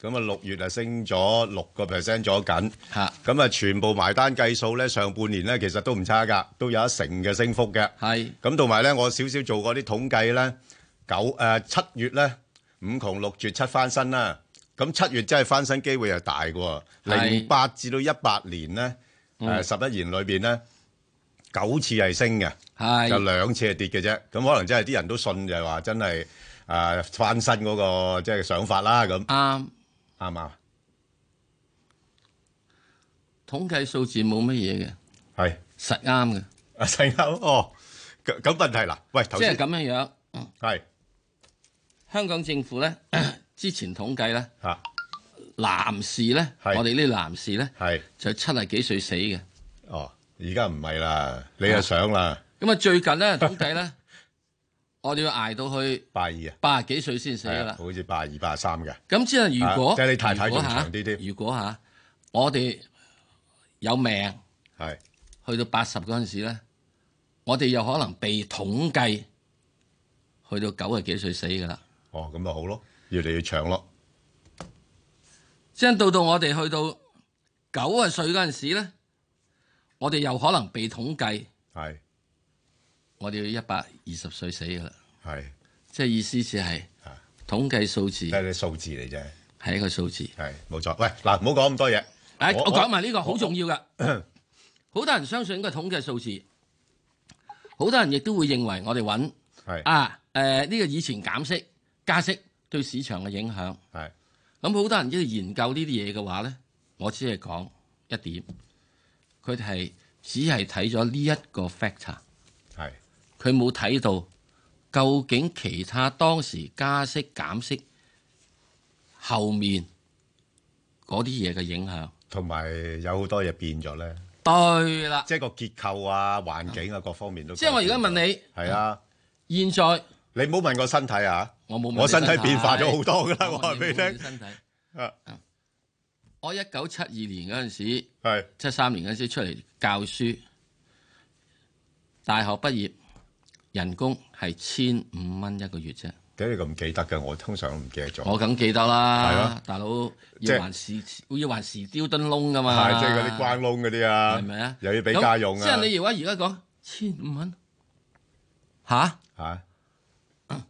咁啊，六月啊升咗六個 percent，左近。吓，咁啊，全部埋單計數咧，上半年咧其實都唔差噶，都有一成嘅升幅嘅。係咁同埋咧，我少少做過啲統計咧，九，誒七月咧五窮六絕七翻身啦。咁七月真係翻身機會又大嘅。零八至到一八年咧，誒十一年裏邊咧九次係升嘅，係就兩次係跌嘅啫。咁可能真係啲人都信就係話真係。誒，翻新嗰個即係想法啦，咁啱啱啊！統計數字冇乜嘢嘅，係實啱嘅，實啱哦。咁咁問題啦，喂，即係咁樣樣，係香港政府咧，之前統計咧吓，男士咧，我哋呢啲男士咧係就七十幾歲死嘅，哦，而家唔係啦，你又想啦，咁啊最近咧統計咧。我哋要捱到去八二啊，八十幾歲先死噶啦，好似八二八三嘅。咁之後如果，即、啊、係、就是、你太太仲長啲添。如果吓，我哋有命，係去到八十嗰陣時咧，我哋又可能被統計去到九十幾歲死噶啦。哦，咁咪好咯，越嚟越長咯。即係到到我哋去到九十歲嗰陣時咧，我哋又可能被統計係。我哋要一百二十歲死噶啦，係即係意思是，只係統計數字，係啲數字嚟啫，係一個數字，係冇錯。喂，嗱，唔好講咁多嘢。我講埋呢個好重要噶，好多人相信個統計數字，好多人亦都會認為我哋穩係啊。誒、呃、呢、這個以前減息加息對市場嘅影響係咁，好多人喺度研究呢啲嘢嘅話咧，我只係講一點，佢哋係只係睇咗呢一個 factor。佢冇睇到究竟其他當時加息減息後面嗰啲嘢嘅影響，同埋有好多嘢變咗咧。對啦，即係個結構啊、環境啊各方面都變。即係我而家問你係啊，現在，現在你唔好問個身體啊，我冇問你身，我身體變化咗好多噶啦，我話俾你聽。身體我一九七二年嗰陣時，係七三年嗰陣時出嚟教書，大學畢業。人工係千五蚊一個月啫，點解你咁唔記得嘅？我通常都唔記得咗。我梗記得啦、啊啊，大佬要還時要還時吊燈窿㗎嘛，即係嗰啲關窿嗰啲啊，係咪啊？又要俾家用啊！即係你而家而家講千五蚊，吓、啊？嚇、啊啊，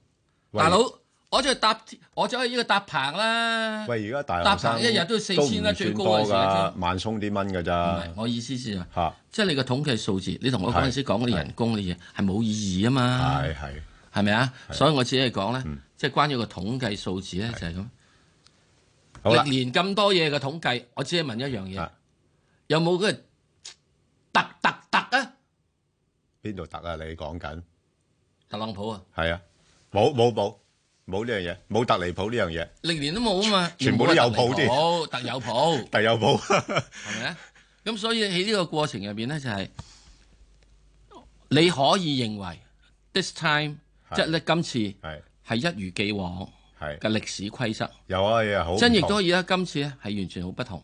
大佬。我就搭，我就係呢個搭棚啦。喂，而家大學生搭棚一日都要四千啦，最高嘅時，萬鬆啲蚊㗎咋？唔係，我意思係、啊，即係你個統計數字，你同我嗰陣時講嗰啲人工嘅嘢係冇意義啊嘛。係係，係咪啊？所以我只係講咧，即係關於個統計數字咧，就係、是、咁。好年咁多嘢嘅統計，我只係問一樣嘢、啊，有冇嗰、嗰個突突突啊？邊度突啊？你講緊特朗普啊？係啊，冇冇冇。冇呢樣嘢，冇特離譜呢樣嘢，歷年都冇啊嘛，全部都，譜都有譜冇，特有譜， 特有譜譜，係咪？咁所以喺呢個過程入邊咧，就係你可以認為 this time 即係、就係、今次係一如既往嘅歷史規則，有啊，亦係好真，亦都而家今次咧係完全好不同。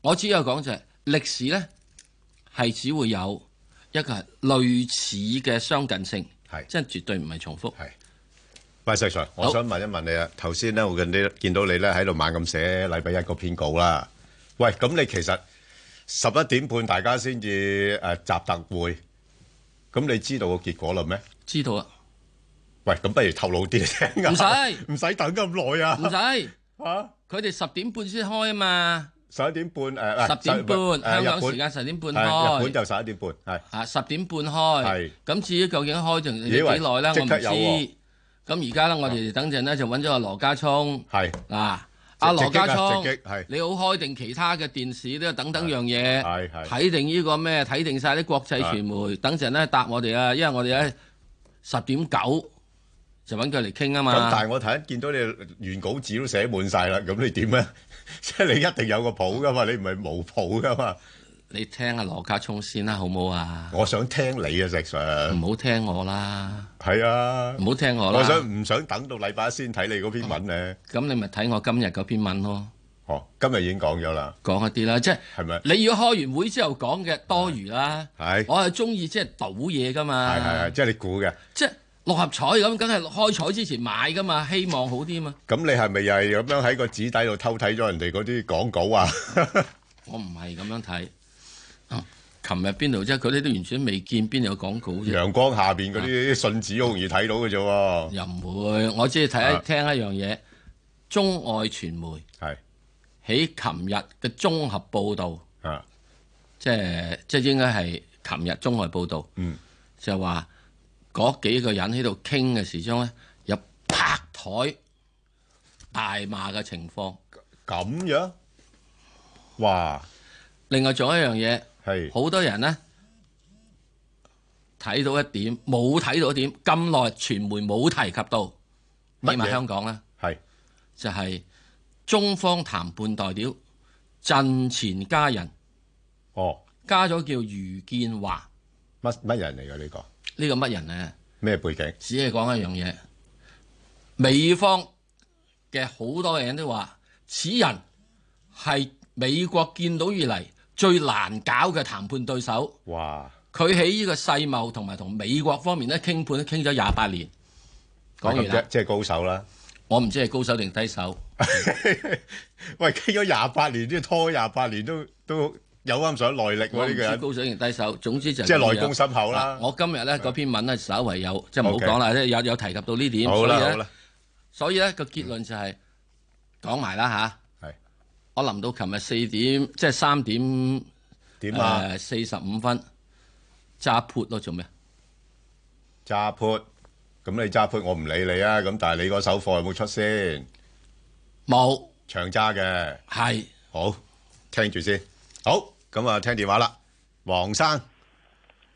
我只要講就係歷史咧係只會有一個係類似嘅相近性，係，即係絕對唔係重複，喂，Sir，我想問一問你啊，頭先咧我見你見到你咧喺度猛咁寫禮拜一個篇稿啦。喂，咁你其實十一點半大家先至誒習特會，咁你知道個結果啦咩？知道啊。喂，咁不如透露啲先。唔使唔使等咁耐啊。唔使吓，佢哋十點半先開啊嘛。十一點半誒，十點半香港時間十點半開，日本就十一點半係。吓，十點半開，係咁至於究竟開仲仲要幾耐咧？我唔知。咁而家咧，我哋等陣咧就揾咗阿羅家聰，嗱，阿羅家聰，你好開定其他嘅電視呢？等等樣嘢，睇定呢個咩？睇定晒啲國際傳媒。是等陣咧答我哋啊，因為我哋咧十點九就揾佢嚟傾啊嘛。但係我睇一見到你原稿紙都寫滿晒啦，咁你點咧？即 係你一定有個譜噶嘛？你唔係冇譜噶嘛？你聽下羅家聰先啦，好唔好啊？我想聽你啊，石 sir。唔好聽我啦。係啊。唔好聽我啦。我想唔想等到禮拜先睇你嗰篇文咧？咁你咪睇我今日嗰篇文咯。哦，今日已經講咗啦。講一啲啦，即係，係咪？你要開完會之後講嘅多餘啦。係。我係中意即係賭嘢噶嘛。係係係，即係你估嘅。即係六合彩咁，梗係開彩之前買噶嘛，希望好啲嘛。咁你係咪又係咁樣喺個紙底度偷睇咗人哋嗰啲講稿啊？我唔係咁樣睇。琴日邊度啫？佢哋都完全未見邊度有廣告嘅。陽光下邊嗰啲信紙好、啊、容易睇到嘅啫喎。又唔會，我只係睇聽一樣嘢、啊。中外傳媒係喺琴日嘅綜合報導，啊，即係即係應該係琴日中外報導，嗯，就話、是、嗰幾個人喺度傾嘅時候，中咧有拍台大罵嘅情況咁樣哇。另外仲有一樣嘢。係好多人呢睇到一點，冇睇到一點咁耐，傳媒冇提及到乜埋香港啦，係就係、是、中方談判代表陣前加人哦，加咗叫余建華乜乜人嚟嘅呢個？這個、什麼人呢個乜人咧？咩背景？只係講一樣嘢，美方嘅好多人都話，此人係美國見到以嚟。最難搞嘅談判對手，佢喺呢個世貿同埋同美國方面咧傾判，傾咗廿八年。講完啦，即係高手啦。我唔知係高手定低手。喂，傾咗廿八年，都拖廿八年，都都有啱上耐力嗰啲嘅，高手定低手。總之就係即係內功深厚啦。我今日咧嗰篇文咧，稍微有即係唔好講啦，咧有有提及到呢點。好啦，好啦，所以咧個結論就係講埋啦嚇。我臨到琴日四點，即係三點點啊，四十五分揸 put 咯，做咩？揸 put，咁你揸 put，我唔理你啊！咁但係你嗰手貨有冇出先？冇長揸嘅係好聽住先，好咁啊！聽電話啦，黃生。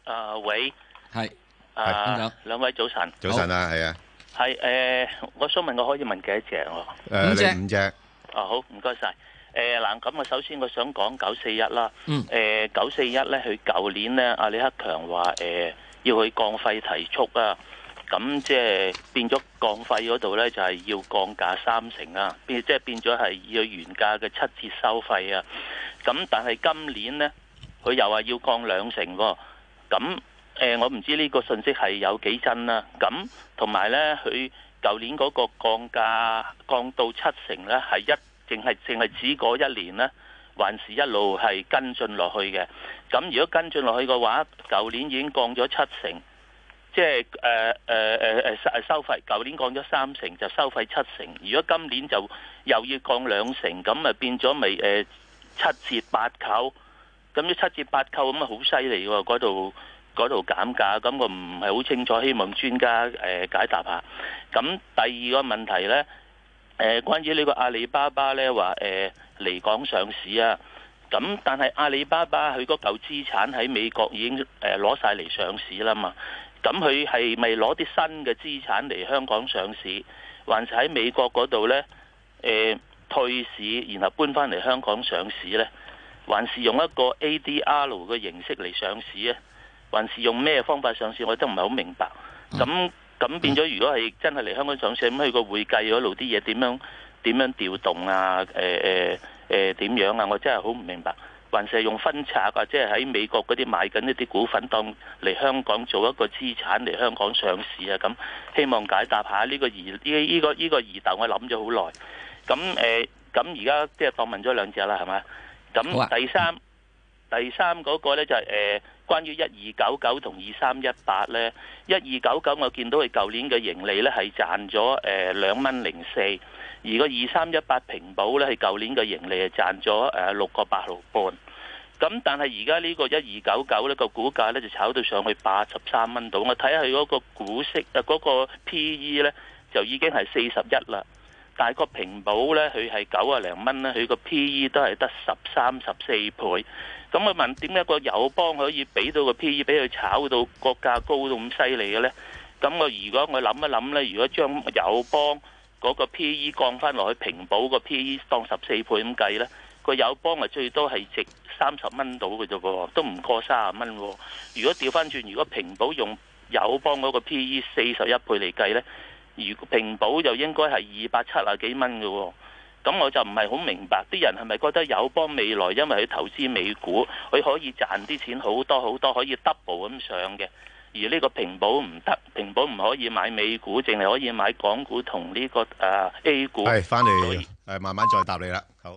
誒，喂，係誒，兩位早晨，早晨啊，係啊，係誒，我想問，我可以問幾多隻我？你五隻，五隻。哦，好，唔該晒。誒嗱，咁啊，首先我想講九四一啦。誒九四一咧，佢舊年咧，阿李克強話誒要去降費提速啊。咁即係變咗降費嗰度咧，就係要降價三成啊。變即係變咗係要原價嘅七折收費啊。咁但係今年咧，佢又話要降兩成喎。咁誒，我唔知呢個信息係有幾真啦。咁同埋咧，佢舊年嗰個降價降到七成咧，係一。淨係淨係指嗰一年呢，還是一路係跟進落去嘅。咁如果跟進落去嘅話，舊年已經降咗七成，即係誒誒誒誒收收費，舊年降咗三成就收費七成。如果今年就又要降兩成，咁啊變咗咪誒七折八扣？咁啲七折八扣咁啊好犀利喎！嗰度嗰度減價，咁我唔係好清楚，希望專家誒解答下。咁第二個問題呢。誒，關於呢個阿里巴巴咧，話誒嚟港上市啊，咁但係阿里巴巴佢嗰嚿資產喺美國已經誒攞晒嚟上市啦嘛，咁佢係咪攞啲新嘅資產嚟香港上市，還是喺美國嗰度呢誒、呃、退市，然後搬翻嚟香港上市呢？還是用一個 ADR 嘅形式嚟上市啊，還是用咩方法上市，我哋都唔係好明白，咁。咁變咗，如果係真係嚟香港上市，咁佢個會計嗰度啲嘢點樣點樣調動啊？呃呃呃、點樣啊？我真係好唔明白，還是用分拆啊？即係喺美國嗰啲買緊一啲股份，當嚟香港做一個資產嚟香港上市啊？咁希望解答下呢個疑呢呢個呢個疑問，我諗咗好耐。咁呃，咁而家即係當問咗兩隻啦，係、呃、咪？咁第三第三嗰個呢就係關於一二九九同二三一八呢，一二九九我見到佢舊年嘅盈利咧係賺咗誒兩蚊零四，而個二三一八平保呢，係舊年嘅盈利係賺咗誒六個八毫半。咁但係而家呢個一二九九呢個股價呢，就炒到上去八十三蚊度，我睇下佢嗰個股息啊嗰個 P E 呢，就已經係四十一啦。但係個平保呢，佢係九啊零蚊咧，佢個 P E 都係得十三十四倍。咁我問點解個友邦可以俾到個 P/E 俾佢炒到個價高到咁犀利嘅呢？咁我如果我諗一諗呢，如果將友邦嗰個 P/E 降翻落去平保個 P/E 當十四倍咁計呢，個友邦咪最多係值三十蚊到嘅啫喎，都唔過三十蚊。如果調翻轉，如果平保用友邦嗰個 P/E 四十一倍嚟計呢，如果平保就應該係二百七啊幾蚊嘅喎。咁我就唔係好明白，啲人係咪覺得友邦未來因為佢投資美股，佢可以賺啲錢好多好多，可以 double 咁上嘅？而呢個平保唔得，平保唔可以買美股，淨係可以買港股同呢個誒 A 股。係，翻嚟，誒慢慢再答你啦。好。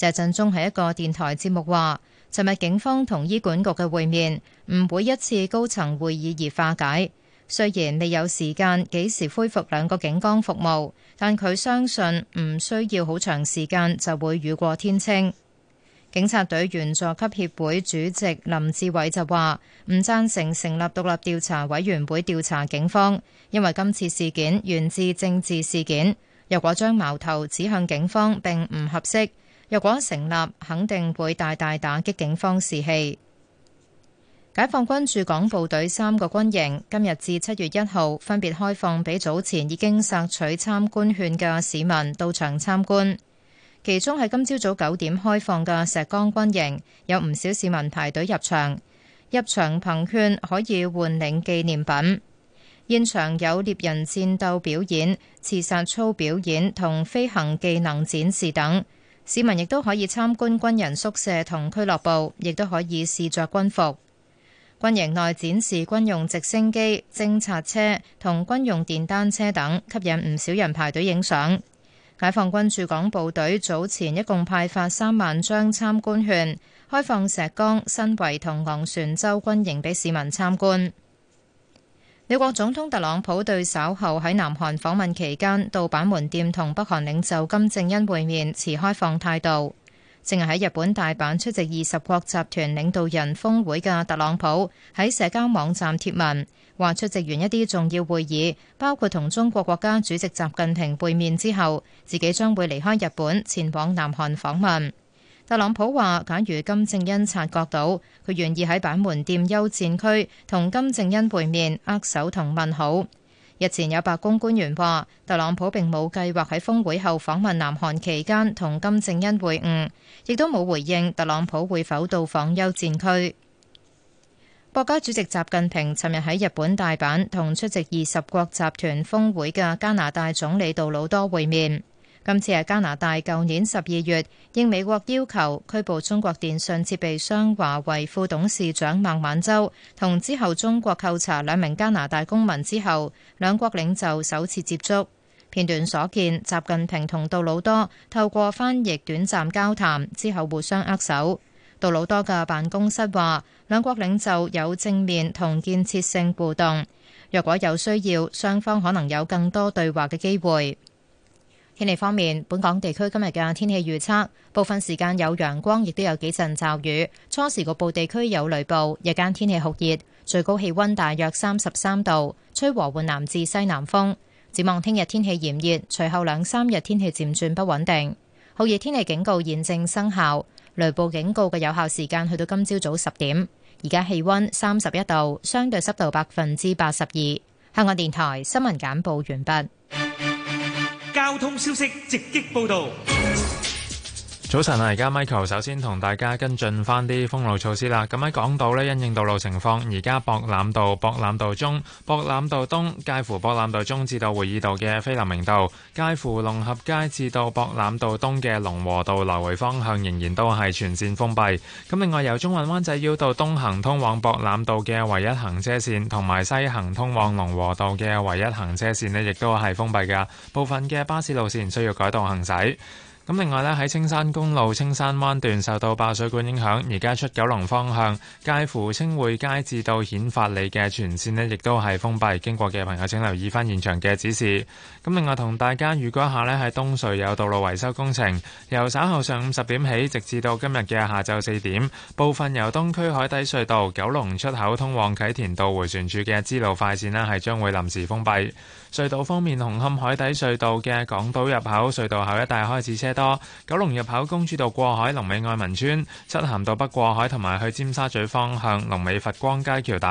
謝振中喺一個電台節目話，尋日警方同醫管局嘅會面唔會一次高層會議而化解。雖然未有時間幾時恢復兩個警方服務，但佢相信唔需要好長時間就會雨過天晴。警察隊員佐級協會主席林志偉就話：唔贊成成立獨立調查委員會調查警方，因為今次事件源自政治事件，若果將矛頭指向警方並，並唔合適。若果成立，肯定會大大打擊警方士氣。解放軍駐港部隊三個軍營今日至七月一號分別開放，俾早前已經索取參觀券嘅市民到場參觀，其中喺今朝早九點開放嘅石崗軍營有唔少市民排隊入場，入場憑券可以換領紀念品。現場有獵人戰鬥表演、刺殺操表演同飛行技能展示等。市民亦都可以參觀軍人宿舍同俱樂部，亦都可以試着軍服。軍營內展示軍用直升機、偵察車同軍用電單車等，吸引唔少人排隊影相。解放軍駐港部隊早前一共派發三萬張參觀券，開放石崗、新圍同昂船洲軍營畀市民參觀。美國總統特朗普對稍後喺南韓訪問期間到板門店同北韓領袖金正恩會面持開放態度。正係喺日本大阪出席二十國集團領導人峰會嘅特朗普喺社交網站貼文，話出席完一啲重要會議，包括同中國國家主席習近平會面之後，自己將會離開日本前往南韓訪問。特朗普話：假如金正恩察覺到，佢願意喺板門店休戰區同金正恩會面握手同問好。日前有白宮官員話，特朗普並冇計劃喺峰會後訪問南韓期間同金正恩會晤，亦都冇回應特朗普會否到訪休戰區。國家主席習近平尋日喺日本大阪同出席二十國集團峰會嘅加拿大總理杜魯多會面。今次係加拿大舊年十二月應美國要求拘捕中國電信設備商華為副董事長孟晚舟，同之後中國扣查兩名加拿大公民之後，兩國領袖首次接觸。片段所見，習近平同杜魯多透過翻譯短暫交談之後互相握手。杜魯多嘅辦公室話，兩國領袖有正面同建設性互動，若果有需要，雙方可能有更多對話嘅機會。天氣方面，本港地區今日嘅天氣預測，部分時間有陽光，亦都有幾陣驟雨。初時局部地區有雷暴，日間天氣酷熱，最高氣温大約三十三度，吹和緩南至西南風。展望聽日天氣炎熱，隨後兩三日天氣漸轉不穩定。酷熱天氣警告現正生效，雷暴警告嘅有效時間去到今朝早十點。而家氣温三十一度，相對濕度百分之八十二。香港電台新聞簡報完畢。交通消息直擊報道。早晨啊，而家 Michael 首先同大家跟進翻啲封路措施啦。咁喺港島咧，因應道路情況，而家博覽道、博覽道中、博覽道東，介乎博覽道中至到會議道嘅菲林明道，介乎龍合街至到博覽道東嘅龍和道來回方向仍然都係全線封閉。咁另外，由中環灣仔繞道東行通往博覽道嘅唯一行車線，同埋西行通往龍和道嘅唯一行車線呢，亦都係封閉㗎。部分嘅巴士路線需要改道行駛。咁另外呢，喺青山公路青山灣段受到爆水管影響，而家出九龍方向，介乎青匯街至到顯發里嘅全線呢亦都係封閉，經過嘅朋友請留意翻現場嘅指示。咁另外同大家預告一下呢，喺東隧有道路維修工程，由稍後上午十點起，直至到今日嘅下晝四點，部分由東區海底隧道九龍出口通往啟田道回旋處嘅支路快線呢，係將會臨時封閉。隧道方面，紅磡海底隧道嘅港島入口隧道口一帶開始車多；九龍入口公主道過海龍尾愛民村、漆咸道北過海同埋去尖沙咀方向龍尾佛光街橋底；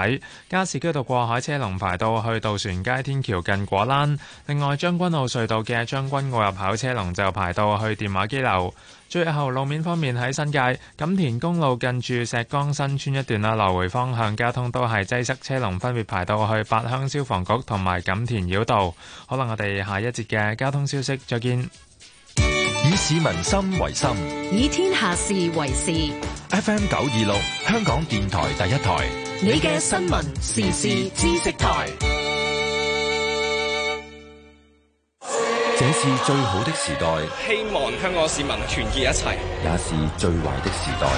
加士居道過海車龍排到去渡船街天橋近果欄；另外將軍澳隧道嘅將軍澳入口車龍就排到去電話機樓。最後路面方面，喺新界錦田公路近住石崗新村一段啊，來回方向交通都係擠塞，車龍分別排到去八鄉消防局同埋錦田繞道。可能我哋下一節嘅交通消息再見。以市民心為心，以天下事為事。F M 九二六，香港電台第一台，你嘅新聞時事知識台。這是最好的時代，希望香港市民團結一齊。也是最壞的時代。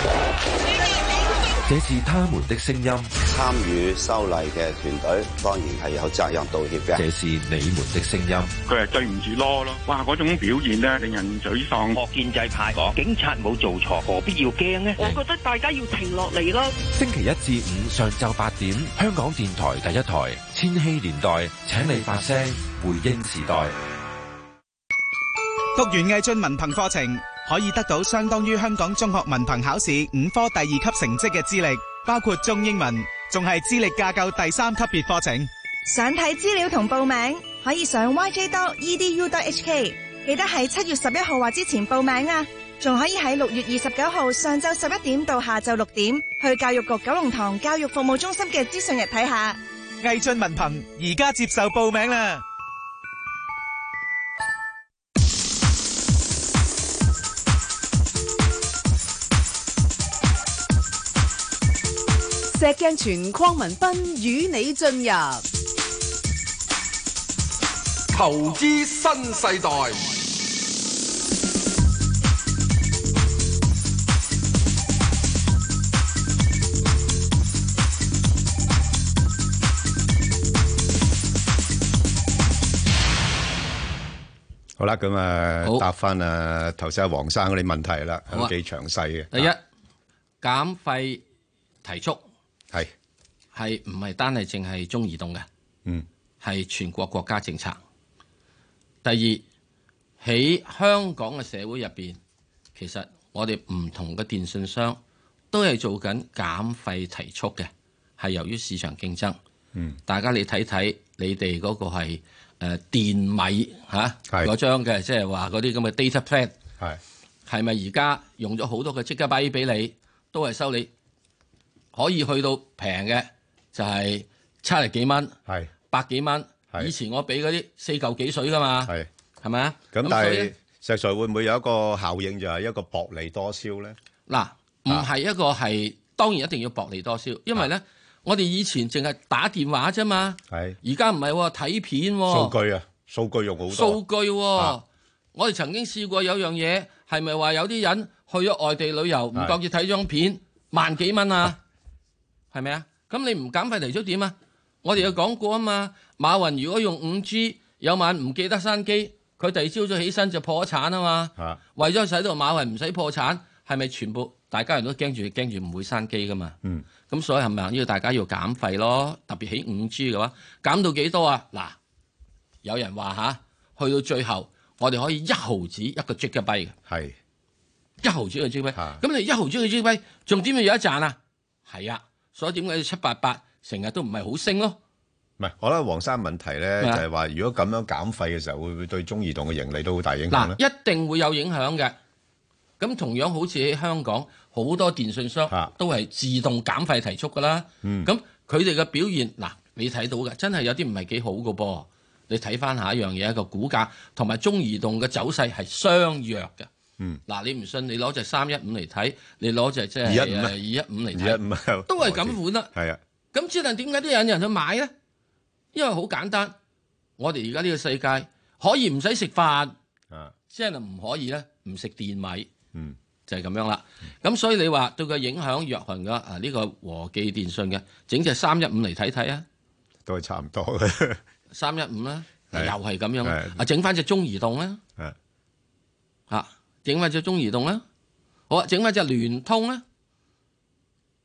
這是他們的聲音。參與修例嘅團隊當然係有責任道歉嘅。這是你們的聲音。佢係對唔住咯咯。哇，嗰種表現咧，令人沮喪。學建制派講，警察冇做錯，何必要驚呢、啊？我覺得大家要停落嚟咯。星期一至五上晝八點，香港電台第一台《千禧年代》，請你發聲回應時代。讀完毅進文憑課程，可以得到相當於香港中學文憑考試五科第二級成績嘅資歷，包括中英文，仲係資歷架構第三級別課程。想睇資料同報名，可以上 YJ.EDU.HK。記得喺七月十一號或之前報名啊！仲可以喺六月二十九號上晝十一點到下晝六點去教育局九龍塘教育服務中心嘅資訊日睇下。毅進文憑而家接受報名啦！石鏡泉、鄺民彬與你進入投資新世代。好啦，咁啊答返啊頭先阿黃生嗰啲問題啦，係幾詳細嘅。第一，減費提速。係唔係單係淨係中移動嘅？嗯，係全國國家政策。第二，喺香港嘅社會入邊，其實我哋唔同嘅電信商都係做緊減費提速嘅，係由於市場競爭。嗯，大家你睇睇你哋嗰個係誒、呃、電米嚇嗰、啊、張嘅，即係話嗰啲咁嘅 data plan，係咪而家用咗好多嘅即刻幣俾你，都係收你可以去到平嘅。就係、是、七十幾蚊，百幾蚊。以前我俾嗰啲四嚿幾水噶嘛，係咪啊？咁但係石材會唔會有一個效應，就係一個薄利多銷咧？嗱、啊，唔係一個係、啊、當然一定要薄利多銷，因為咧、啊、我哋以前淨係打電話啫嘛，而家唔係喎，睇、啊、片、啊、數據啊，數據用好多、啊。數據、啊啊、我哋曾經試過有樣嘢係咪話有啲人去咗外地旅遊唔、啊、覺意睇張片萬幾蚊啊？係咪啊？咁你唔減費提速點啊？我哋有講過啊嘛，馬雲如果用五 G，有晚唔記得閂機，佢第二朝早起身就破產啊嘛。啊為為咗使到馬雲唔使破產，係咪全部大家人都驚住驚住唔會閂機噶嘛？嗯，咁所以係咪要大家要減費咯，特別起五 G 嘅話，減到幾多啊？嗱，有人話吓、啊，去到最後，我哋可以一毫子一個 GB 嘅，係一毫子一個 GB。咁你一毫子一個 GB，仲點會有一賺啊？係啊。所以點解七八八成日都唔係好升咯？唔係，我覺得黃生嘅問題咧、啊、就係、是、話，如果咁樣減費嘅時候，會唔會對中移動嘅盈利都好大影響？嗱，一定會有影響嘅。咁同樣好似喺香港好多電信商都係自動減費提速噶啦。咁佢哋嘅表現嗱，你睇到嘅真係有啲唔係幾好嘅噃。你睇翻下一樣嘢，一個股價同埋中移動嘅走勢係相約嘅。嗯，嗱，你唔信你攞隻三一五嚟睇，你攞隻即係二一五嚟睇，都係咁款啦。係啊，咁只能點解都有人去買咧？因為好簡單，我哋而家呢個世界可以唔使食飯，啊、即係唔可以咧，唔食電米，嗯，就係、係、咁樣啦。咁所以你話對佢影響弱行嘅啊呢、呢個和記電訊嘅，整隻三一五嚟睇睇啊，都係差唔多嘅，三一五啦，又係咁樣啊，整翻隻中移動啦，嚇、啊。啊。整翻隻中移動啦，好啊！整翻隻聯通啦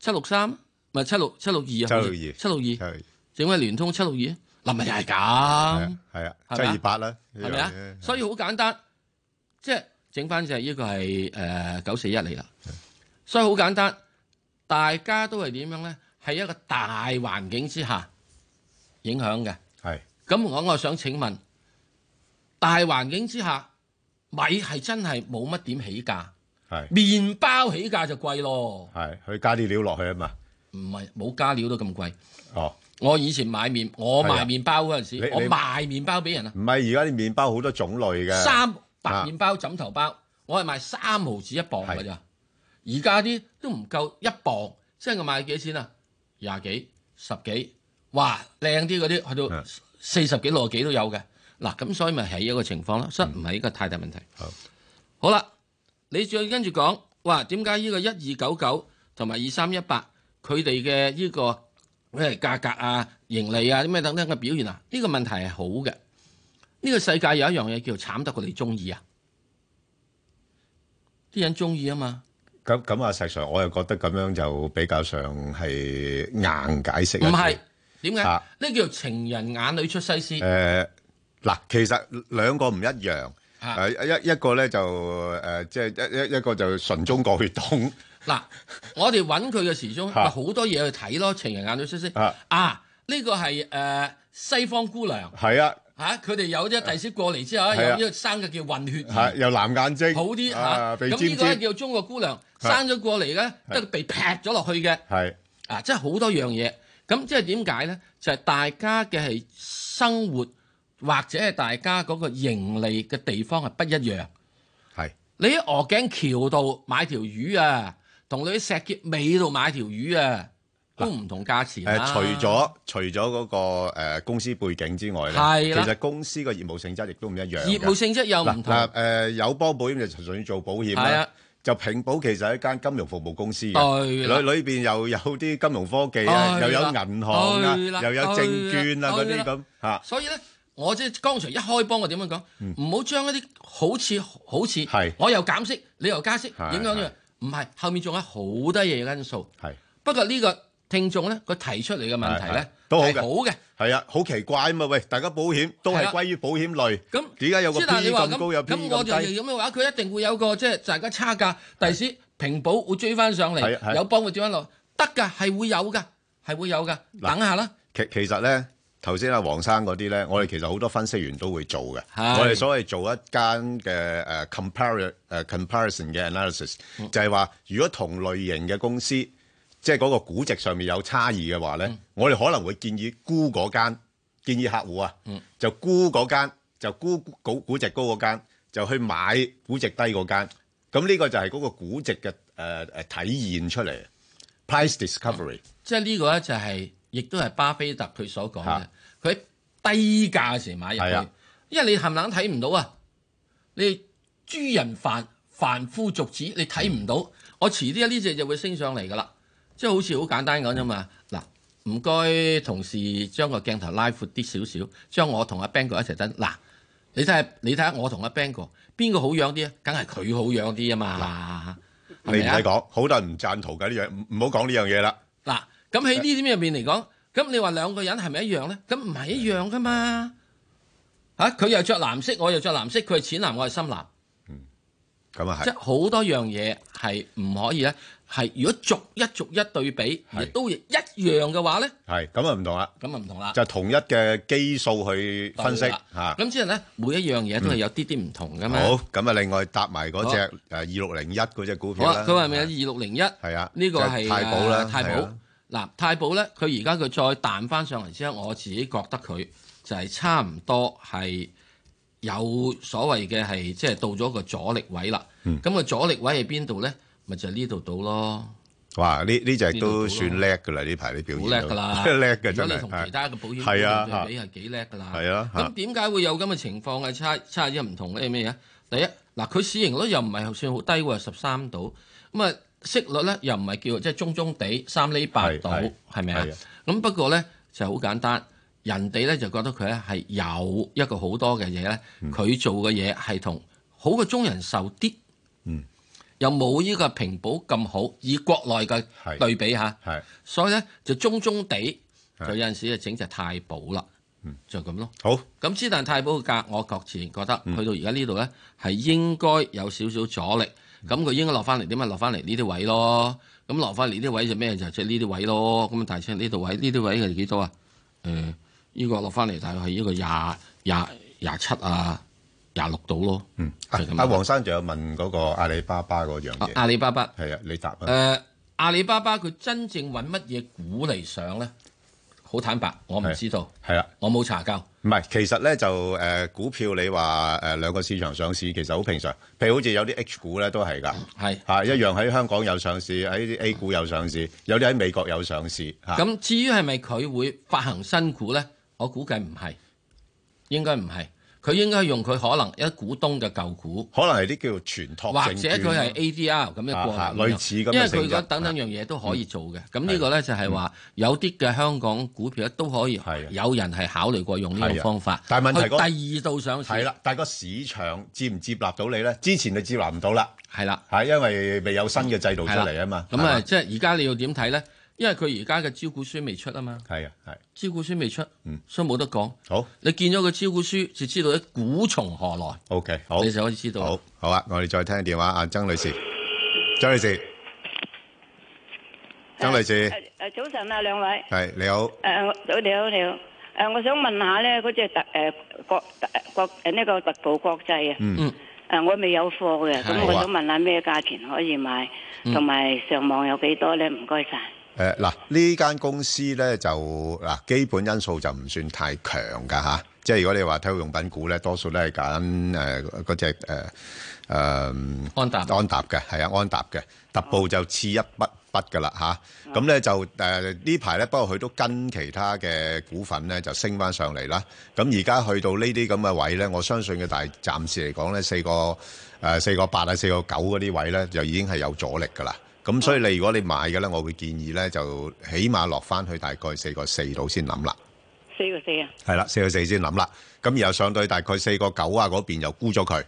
76,，七六三唔係七六七六二啊，七六二，七六二，整翻聯通七六二，嗱咪又係咁，係啊，七二八啦，係咪啊？所以好簡單，即係整翻隻呢個係誒九四一嚟啦，所以好簡單，大家都係點樣咧？係一個大環境之下影響嘅，係。咁我我想請問，大環境之下。米係真係冇乜點起價，係麵包起價就貴咯，係佢加啲料落去啊嘛，唔係冇加料都咁貴。哦，我以前買麵，我賣麵包嗰陣時候、啊，我賣麵包俾人啊，唔係而家啲麵包好多種類嘅，三白麵包、啊、枕頭包，我係賣三毫紙一磅㗎咋，而家啲都唔夠一磅，即係我賣幾錢啊？廿幾、十幾，哇，靚啲嗰啲去到四十幾、六十幾都有嘅。嗱、啊、咁，所以咪係一個情況咯，所以唔係一個太大問題。嗯、好，好啦，你再跟住講，哇，點解呢個一二九九同埋二三一八佢哋嘅呢個誒價、哎、格啊、盈利啊啲咩等等嘅表現啊？呢、這個問題係好嘅。呢、這個世界有一樣嘢叫做慘得佢哋中意啊！啲人中意啊嘛。咁咁啊，實上我又覺得咁樣就比較上係硬解釋。唔係，點解？呢、啊、叫情人眼裏出西施。誒、呃。嗱，其實兩個唔一樣，誒、啊啊、一一,一個咧就誒即係一一一個就純中國血統。嗱、啊，我哋揾佢嘅時鐘，好、啊、多嘢去睇咯。情人眼都識識啊，呢、啊呢個係誒、呃、西方姑娘。係啊，嚇佢哋有啲第時過嚟之後，啊、有啲生嘅叫混血、啊，有藍眼睛，好啲嚇。咁、啊、呢、啊、個咧叫中國姑娘，生咗過嚟咧，即係被劈咗落去嘅。係啊，即係好多樣嘢。咁即係點解咧？就係、是、大家嘅係生活。或者係大家嗰個盈利嘅地方係不一樣，係你喺鵝頸橋度買條魚啊，同你喺石硤尾度買條魚啊，都唔同價錢啦。誒，除咗除咗嗰個誒公司背景之外咧，其實公司個業務性質亦都唔一樣。業務性質又唔同。誒，友邦保險就純粹做保險啦，就平保其實係一間金融服務公司。對，裏裏邊又有啲金融科技啊，又有銀行啊，又有證券啊嗰啲咁吓。所以咧。我即係剛才一開幫我點樣講，唔、嗯、好將一啲好似好似，我又減息，你又加息，影響樣唔係。後面仲有好多嘢因素。係，不過呢個聽眾咧，佢提出嚟嘅問題咧，都好嘅，係啊，好奇怪啊嘛！喂，大家保險都係歸於保險類，咁點解有個 B 咁高有變低？咁我哋如果咩話，佢一定會有個即係、就是、大家差價，第時平保會追翻上嚟，有幫會點樣落？得㗎，係會有㗎，係會有㗎。等下啦，其其實咧。頭先阿黃生嗰啲咧，我哋其實好多分析員都會做嘅。我哋所謂做一間嘅誒 comparison 誒 comparison 嘅 analysis，、嗯、就係、是、話如果同類型嘅公司，即係嗰個估值上面有差異嘅話咧、嗯，我哋可能會建議沽嗰間，建議客戶啊，就沽嗰間，就沽估值高嗰間，就去買估值低嗰間。咁呢個就係嗰個估值嘅誒誒體現出嚟。Price Discovery，、嗯、即係呢個咧就係、是、亦都係巴菲特佢所講嘅。佢低價嘅時候買入去、啊、因為你冚冷睇唔到啊！你豬人凡凡夫俗子，你睇唔到。的我遲啲呢隻就會升上嚟噶啦，即係好似好簡單咁啫嘛。嗱，唔該，同事將個鏡頭拉闊啲少少，將我同阿 Ben 哥一齊真。嗱，你睇下，你睇下我同阿 Ben 哥邊個好養啲啊？梗係佢好養啲啊嘛。你唔使講，好多人唔贊同㗎呢樣，唔好講呢樣嘢啦。嗱，咁喺呢啲入面嚟講。咁你話兩個人係咪一樣咧？咁唔係一樣噶嘛？吓，佢又着藍色，我又着藍色，佢係淺藍，我係深藍。嗯，咁啊係。即係好多樣嘢係唔可以咧，係如果逐一逐一對比，亦都一樣嘅話咧，係咁啊唔同啦。咁啊唔同啦，就同一嘅基數去分析吓。咁之後咧，每一樣嘢都係有啲啲唔同噶嘛。好，咁啊，另外搭埋嗰隻誒二六零一嗰隻股票啦。哇，佢係咪有二六零一？係啊，呢個係太保啦，太保。嗱，太保咧，佢而家佢再彈翻上嚟之後，我自己覺得佢就係差唔多係有所謂嘅係，即、就、係、係、到咗個阻力位啦。咁、嗯、個阻力位喺邊度咧？咪就係呢度到咯。哇！呢呢隻都算叻㗎啦，呢排啲表現好叻㗎啦，叻㗎啫。咁 你同其他嘅保險公司比你係幾叻㗎啦？係啊。咁點解會有咁嘅情況啊？差差啲唔同咩咩啊？第一，嗱，佢市盈率又唔係算好低喎，十三度。咁啊。息率咧又唔係叫即係中中地三厘八到係咪啊？咁不過咧就好簡單，人哋咧就覺得佢咧係有一個很多的、嗯、的好多嘅嘢咧，佢做嘅嘢係同好嘅中人壽啲，嗯、又冇呢個平保咁好，以國內嘅對比吓，所以咧就中中地就有陣時候就整、嗯、就隻太保啦，就咁咯。好咁，之但太保嘅價，我各自覺得、嗯、去到而家呢度咧係應該有少少阻力。咁佢應該落翻嚟點啊？落翻嚟呢啲位咯，咁落翻嚟呢啲位就咩？就即係呢啲位咯。咁啊，大聲！呢度位呢啲位係幾多啊？誒，呢個落翻嚟大概係一個廿廿廿七啊，廿六度咯。嗯，係咁啊。黃生仲有問嗰個阿里巴巴嗰樣嘢。阿里巴巴。係啊，你答啊。誒，阿里巴巴佢真正揾乜嘢股嚟上咧？好坦白，我唔知道。係啊，我冇查交。唔係，其實呢就誒、呃、股票你話，你話誒兩個市場上市，其實好平常。譬如好似有啲 H 股呢都係㗎。係嚇、啊，一樣喺香港有上市，喺 A 股有上市，有啲喺美國有上市。嚇，咁至於係咪佢會發行新股呢？我估計唔係，應該唔係。佢應該用佢可能一股東嘅舊股，可能係啲叫存託證券或者佢係 ADR 咁樣一個過嚟、啊啊，類似咁嘅因，因為佢而家等等樣嘢都可以做嘅。咁、嗯、呢個咧就係、是、話有啲嘅香港股票咧都可以，有人係考慮過用呢個方法。但問題第二度上市，係啦，但個市場接唔接納到你咧？之前就接納唔到啦，係啦，係因為未有新嘅制度出嚟啊嘛。咁啊，即係而家你要點睇咧？因為佢而家嘅招股書未出啊嘛，係啊係、啊，招股書未出，嗯，所以冇得講。好，你見咗個招股書就知道啲股從何來。O、okay, K，好，你就可以知道。好，好啊，我哋再聽電話啊，曾女士，曾女士，曾、啊、女士，誒、啊啊，早晨啊，兩位，係你好，誒、啊，早，你好，你好，誒、啊，我想問下咧，嗰隻特誒國國呢個特步國際、嗯、啊，嗯嗯，誒、啊，我未有貨嘅，咁我想問下咩價錢可以買，同、嗯、埋上網有幾多咧？唔該晒。誒、啊、嗱，呢間公司咧就嗱、啊，基本因素就唔算太強噶、啊、即係如果你話體育用品股咧，多數都係揀誒嗰隻誒誒安踏，安踏嘅係啊，安踏嘅特步就次一筆筆㗎啦，咁咧就誒、啊、呢排咧，不過佢都跟其他嘅股份咧就升翻上嚟啦，咁而家去到呢啲咁嘅位咧，我相信嘅，大係暫時嚟講咧，四個誒四個八啊，四個九嗰啲位咧，就已經係有阻力噶啦。咁所以，你如果你買嘅咧，我會建議咧，就起碼落翻去大概四個四度先諗啦。四個四啊，係啦，四個四先諗啦。咁然後上到去大概四個九啊嗰邊又沽咗佢。咁、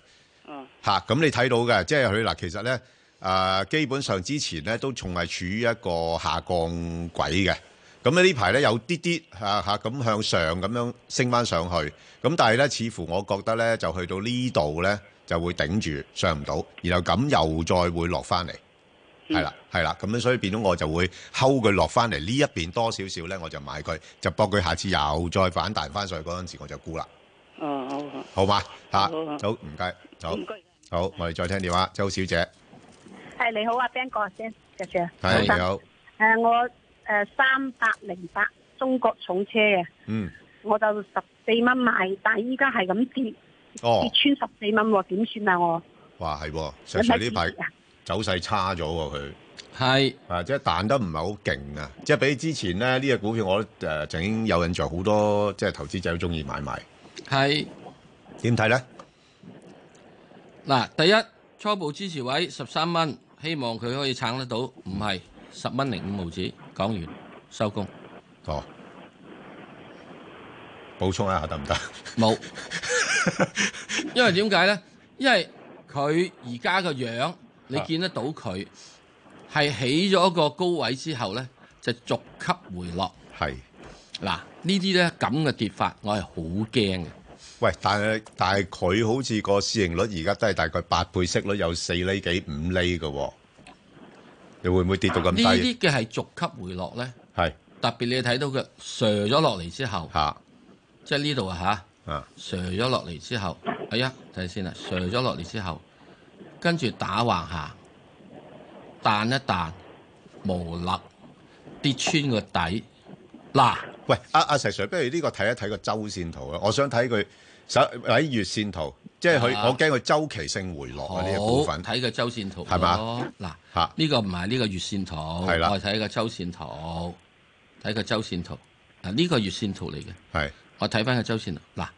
嗯啊、你睇到嘅，即係佢嗱，其實咧、啊、基本上之前咧都仲係處於一個下降軌嘅。咁咧呢排咧有啲啲吓吓咁向上咁樣升翻上去。咁但係咧，似乎我覺得咧就去到呢度咧就會頂住上唔到，然後咁又再會落翻嚟。係啦，係啦，咁樣，所以變咗我就會 hold 佢落翻嚟呢一邊多少少咧，我就買佢，就搏佢下次又再反彈翻上去嗰陣時，我就沽啦。哦，好嘛，吓，好，唔該，好好，好，我哋再聽電話，周小姐。係你好啊，Ben 哥先，謝謝。你好。誒、呃，我誒三百零八中國重車嘅，嗯，我就十四蚊買，但係依家係咁跌、哦，跌穿十四蚊喎，點算啊我？話係，想睇呢排。嗯走勢差咗喎，佢係啊，即係彈得唔係好勁啊！即係比起之前呢，呢隻股票我誒曾經有印象好多，即係投資者都中意買賣。係點睇呢？嗱，第一，初步支持位十三蚊，希望佢可以撐得到，唔係十蚊零五毫紙，講完收工。哦，補充一下得唔得？冇，因為點解呢？因為佢而家個樣。你見得到佢係起咗個高位之後咧，就逐級回落。係嗱，呢啲咧咁嘅跌法，我係好驚嘅。喂，但係但係佢好似個市盈率而家都係大概八倍息率，有四厘幾五厘嘅，哦，你會唔會跌到咁低？呢啲嘅係逐級回落咧。係特別你睇到佢瀉咗落嚟之後，即係呢度啊嚇，瀉咗落嚟之後，哎呀睇先啦，瀉咗落嚟之後。跟住打橫行彈一彈，無力跌穿個底。嗱，喂阿阿、啊、石 Sir，不如呢個睇一睇個周線圖啦。我想睇佢，睇月線圖，即係佢、啊，我驚佢周期性回落啊呢、這個部分。好，睇個周線圖係嘛？嗱，呢、啊這個唔係呢個月線圖，我係睇個周線圖，睇個周線圖。嗱，呢、這個月線圖嚟嘅，係我睇翻個周線圖。嗱。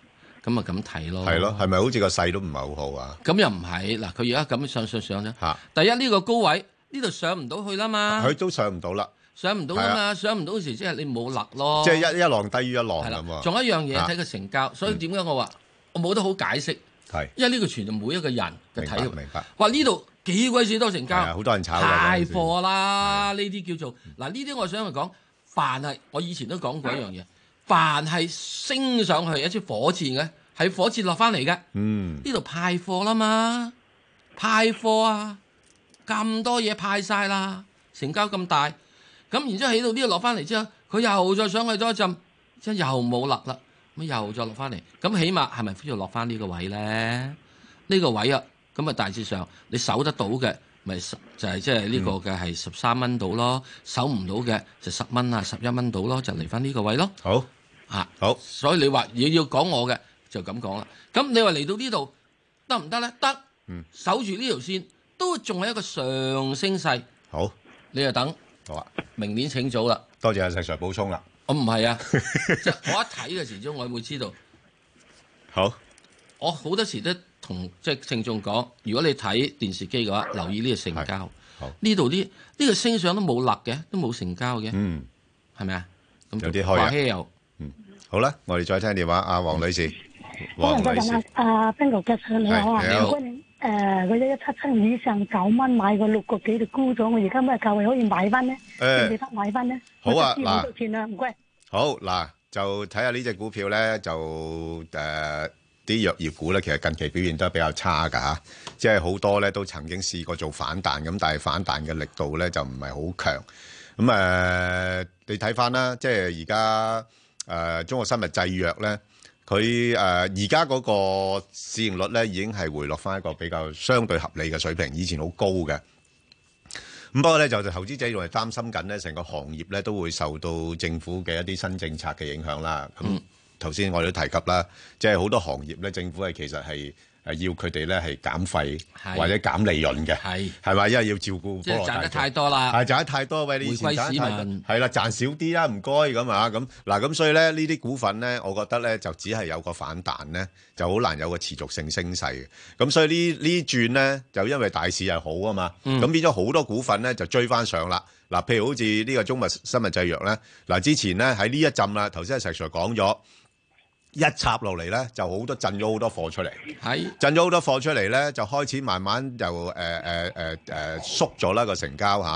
咁啊咁睇咯，係咯，係咪好似個勢都唔係好好啊？咁又唔係，嗱，佢而家咁上上上啫。吓，第一呢個高位，呢度上唔到去啦嘛。佢都上唔到啦，上唔到啊嘛，上唔到時即係你冇勒咯。即係一一浪低於一浪咁。仲有一樣嘢睇佢成交，所以點解我話我冇得好解釋？係，因為呢個全就每一個人嘅睇法。明白。話呢度幾鬼死多成交。係，好多人炒啊。太貨啦！呢啲叫做嗱，呢啲我想去講，凡係我以前都講過一樣嘢。凡係升上去一支火箭嘅，喺火箭落翻嚟嘅，呢、嗯、度派貨啦嘛，派貨啊，咁多嘢派晒啦，成交咁大，咁然之後起到呢度落翻嚟之後，佢又再上去咗一陣，之後又冇力啦，咁又再落翻嚟，咁起碼係咪要落翻呢個位咧？呢、呢個位啊，咁啊大致上你守得到嘅，咪十就係即係呢個嘅係十三蚊到咯，守唔到嘅就十蚊啊十一蚊到咯，就嚟翻呢個位咯。好。啊，好，所以你話你要講我嘅就咁講啦。咁你話嚟到呢度得唔得咧？得，嗯，守住呢條線都仲係一個上升勢。好，你就等好啊。明年請早啦。多謝阿石 Sir 補充啦。我唔係啊，即係、啊、 我一睇嘅時鐘，我會知道。好，我好多時都同即係聽眾講，如果你睇電視機嘅話，留意呢個成交。好，呢度啲呢個升相都冇力嘅，都冇成交嘅。嗯，係咪啊？有啲開。好啦，我哋再聽電話啊，黃女士。黃女士，阿 Bingo 你好啊。你誒，嗰隻一一七七五以上九蚊買個六個幾就沽咗，我而家咩價位可以買翻呢？要幾多買翻呢？好啊，嗱，唔該。好嗱，就睇下呢隻股票咧，就誒啲藥業股咧，其實近期表現都比較差噶吓，即係好多咧都曾經試過做反彈咁，但係反彈嘅力度咧就唔係好強。咁誒、呃，你睇翻啦，即係而家。誒、呃，中國生物製藥呢，佢誒而家嗰個市盈率呢已經係回落翻一個比較相對合理嘅水平，以前好高嘅。咁不過呢，就投資者仲係擔心緊呢成個行業呢都會受到政府嘅一啲新政策嘅影響啦。咁頭先我哋都提及啦，即係好多行業呢，政府係其實係。係要佢哋咧係減費或者減利潤嘅，係係嘛？因為要照顧，即係賺得太多啦，係賺得太多，喂！啲市民係啦，賺少啲啦，唔該，咁啊咁嗱咁，所以咧呢啲股份咧，我覺得咧就只係有個反彈咧，就好難有個持續性升勢嘅。咁所以呢呢轉咧就因為大市係好啊嘛，咁變咗好多股份咧就追翻上啦。嗱，譬如好似呢個中物生物製藥咧，嗱，之前咧喺呢一浸啦，頭先阿石 Sir 講咗。一插落嚟咧，就好多震咗好多貨出嚟，震咗好多貨出嚟咧，就開始慢慢就誒、呃呃呃、縮咗啦個成交嚇，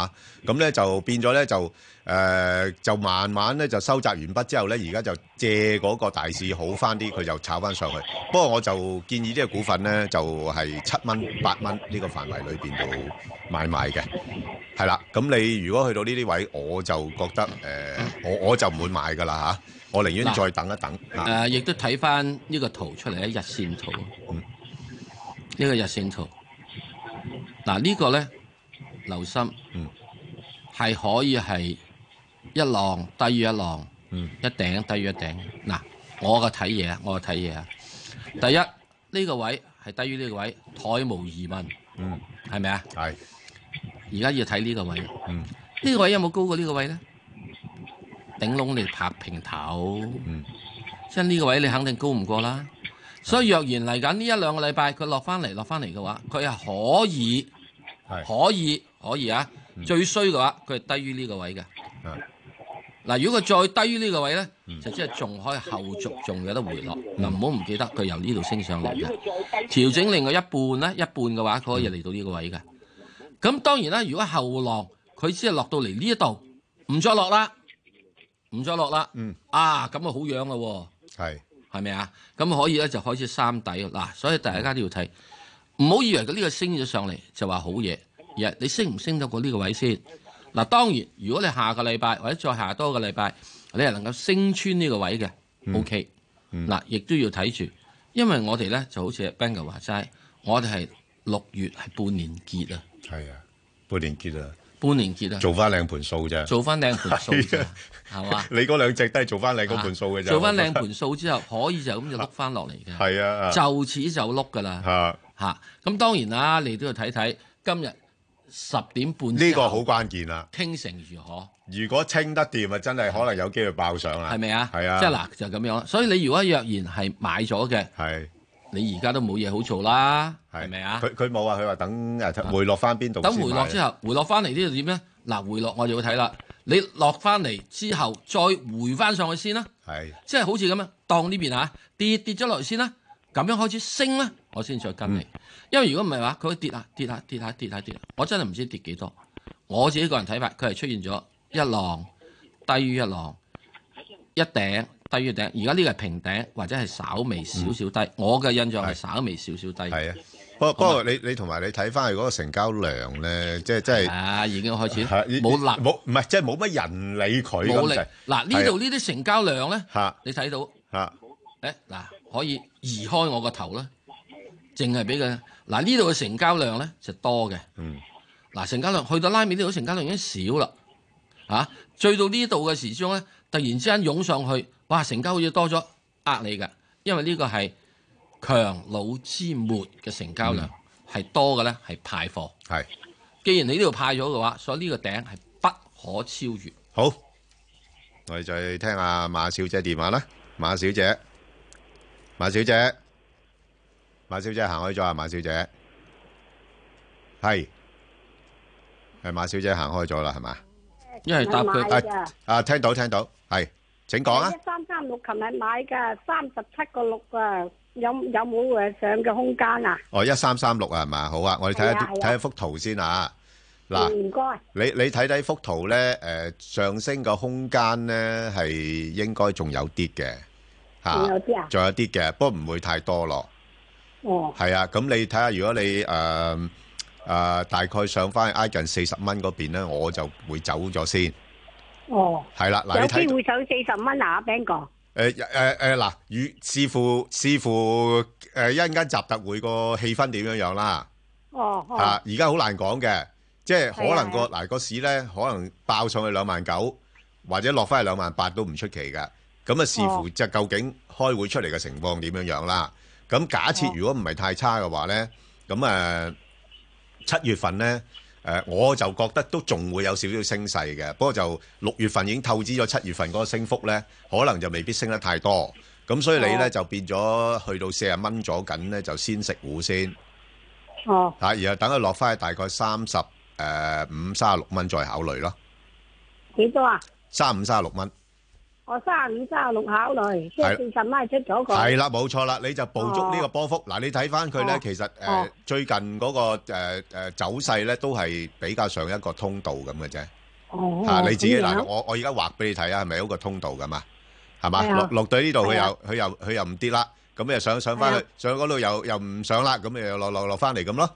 咁、啊、咧就變咗咧就、呃、就慢慢咧就收窄完筆之後咧，而家就借嗰個大市好翻啲，佢就炒翻上去。不過我就建議呢個股份咧，就係七蚊八蚊呢個範圍裏面度買賣嘅，係啦。咁你如果去到呢啲位，我就覺得、呃、我我就唔會買噶啦我寧願再等一等。誒、啊，亦、呃、都睇翻呢個圖出嚟，日線圖。呢、嗯、這個日線圖，嗱、啊這個、呢個咧，留心，係、嗯、可以係一浪低於一浪，嗯、一頂低於一頂。嗱、啊，我嘅睇嘢，我嘅睇嘢啊！第一，呢、這個位係低於呢個位，殆無疑問。嗯，係咪啊？係。而家要睇呢個位。嗯，呢、這個位有冇高過呢個位咧？頂窿嚟，拍平頭，即係、嗯、呢個位你肯定高唔過啦，所以若然嚟緊呢一兩個禮拜佢落翻嚟，落翻嚟嘅話，佢係可以，可以，可以啊。嗯、最衰嘅話，佢係低於呢個位嘅。嗱，如果佢再低於呢個位呢、嗯，就即係仲可以後續仲有得回落。嗱、嗯，唔好唔記得佢由呢度升上嚟嘅調整另外一半咧，一半嘅話，佢可以嚟到呢個位嘅。咁、嗯、當然啦，如果後浪佢只係落到嚟呢一度，唔再落啦。唔再落啦，啊咁啊好樣咯，係，係咪啊？咁可以咧就開始三底嗱、啊，所以大家都要睇，唔好以為佢呢個升咗上嚟就話好嘢，而係你升唔升得過呢個位先。嗱、啊，當然如果你下個禮拜或者再下多個禮拜，你係能夠升穿呢個位嘅、嗯，OK。嗱、嗯，亦、啊、都要睇住，因為我哋咧就好似 Benjamin 話齋，我哋係六月係半年結啦。係啊，半年結啦。半年結啊，做翻兩盤數咋？做翻兩盤數，係嘛？你嗰兩隻都係做翻兩嗰盤數嘅咋？做翻兩盤數之後， 可以就咁就碌翻落嚟嘅。係啊，就此就碌㗎啦。咁、啊啊、當然啦，你都要睇睇今日十點半呢、呢個好關鍵啊！傾成如何？如果清得掂啊，真係可能有機會爆上啦。係咪啊？係啊，即係嗱，就咁、是、樣。所以你如果若然係買咗嘅，你而家都冇嘢好做啦，係咪啊？佢佢冇啊，佢話等回落翻邊度先買。等回落之後，回落翻嚟呢度點咧？嗱，回落我就會睇啦。你落翻嚟之後，再回翻上去先啦、啊。係，即係好似咁樣，當呢邊吓、啊，跌跌咗落去先啦、啊，咁樣開始升啦、啊，我先再跟你、嗯。因為如果唔係話，佢會跌啊跌下、跌下、啊、跌下、啊、跌、啊跌啊，我真係唔知跌幾多。我自己個人睇法，佢係出現咗一浪低於一浪一頂。低於頂，而家呢個係平頂或者係稍微少少低。嗯、我嘅印象係稍微少少低。係、嗯、啊，不過不過你你同埋你睇翻佢嗰個成交量咧，即係即係。啊，已經開始冇力冇，唔係即係冇乜人理佢咁，嗱呢度呢啲成交量咧嚇，你睇到嚇？誒嗱，可以移開我個頭啦，淨係俾佢嗱呢度嘅成交量咧就多嘅。嗯，嗱成交量去到拉尾呢度，成交量已經少啦。啊，追到呢度嘅時鐘咧，突然之間湧上去。哇！成交好似多咗，呃你噶，因為呢個係強弩之末嘅成交量係、嗯、多嘅咧，係派貨。係，既然你呢度派咗嘅話，所以呢個頂係不可超越。好，我哋再聽下馬小姐電話啦，馬小姐，馬小姐，馬小姐行開咗啊，馬小姐，係，係馬小姐行開咗啦，係嘛？因為答佢、啊，啊，聽到聽到，係。請講啊！一三三六琴日買噶，三十七個六啊，有有冇誒上嘅空間啊？哦，一三三六啊，係嘛？好啊，我哋睇下睇下幅圖先啊。嗱，唔該。你你睇睇幅圖咧，誒，上升嘅空間咧係應該仲有啲嘅，吓，仲有啲啊，仲有啲嘅，不過唔會太多咯。哦。係啊，咁你睇下，如果你誒誒大概上翻去挨近四十蚊嗰邊咧，我就會走咗先。哦，係啦，嗱，有機會上四十蚊啊，邊個、哦？誒誒誒，嗱，與視乎視乎誒，一陣間習特會個氣氛點樣樣啦。哦，吓、哦，而家好難講嘅、嗯，即係可能個嗱個市咧，可能爆上去兩萬九，或者落翻去兩萬八都唔出奇噶。咁啊，視乎即係究竟開會出嚟嘅情況點樣樣啦。咁、哦、假設如果唔係太差嘅話咧，咁、啊、七月份咧。誒我就覺得都仲會有少少升勢嘅，不過就六月份已經透支咗七月份嗰個升幅咧，可能就未必升得太多。咁所以你咧就變咗去到四十蚊左緊咧，就先食糊先。哦。嚇！然後等佢落翻去大概三十誒五三十六蚊再考慮咯。幾多啊？三五三十六蚊。我三啊五、三啊六考慮，即係四十咪出咗個。係啦，冇錯啦，你就捕捉呢個波幅。嗱，你睇返佢咧，其實誒，最近嗰個誒誒走勢咧，都係比較上一個通道咁嘅啫。哦，吓你自己嗱，我我而家畫俾你睇下，係咪有一個通道㗎嘛？係嘛，落落到呢度，佢又佢又佢又唔跌啦，咁啊上上返去上嗰度又又唔上啦，咁啊又落落落返嚟咁咯。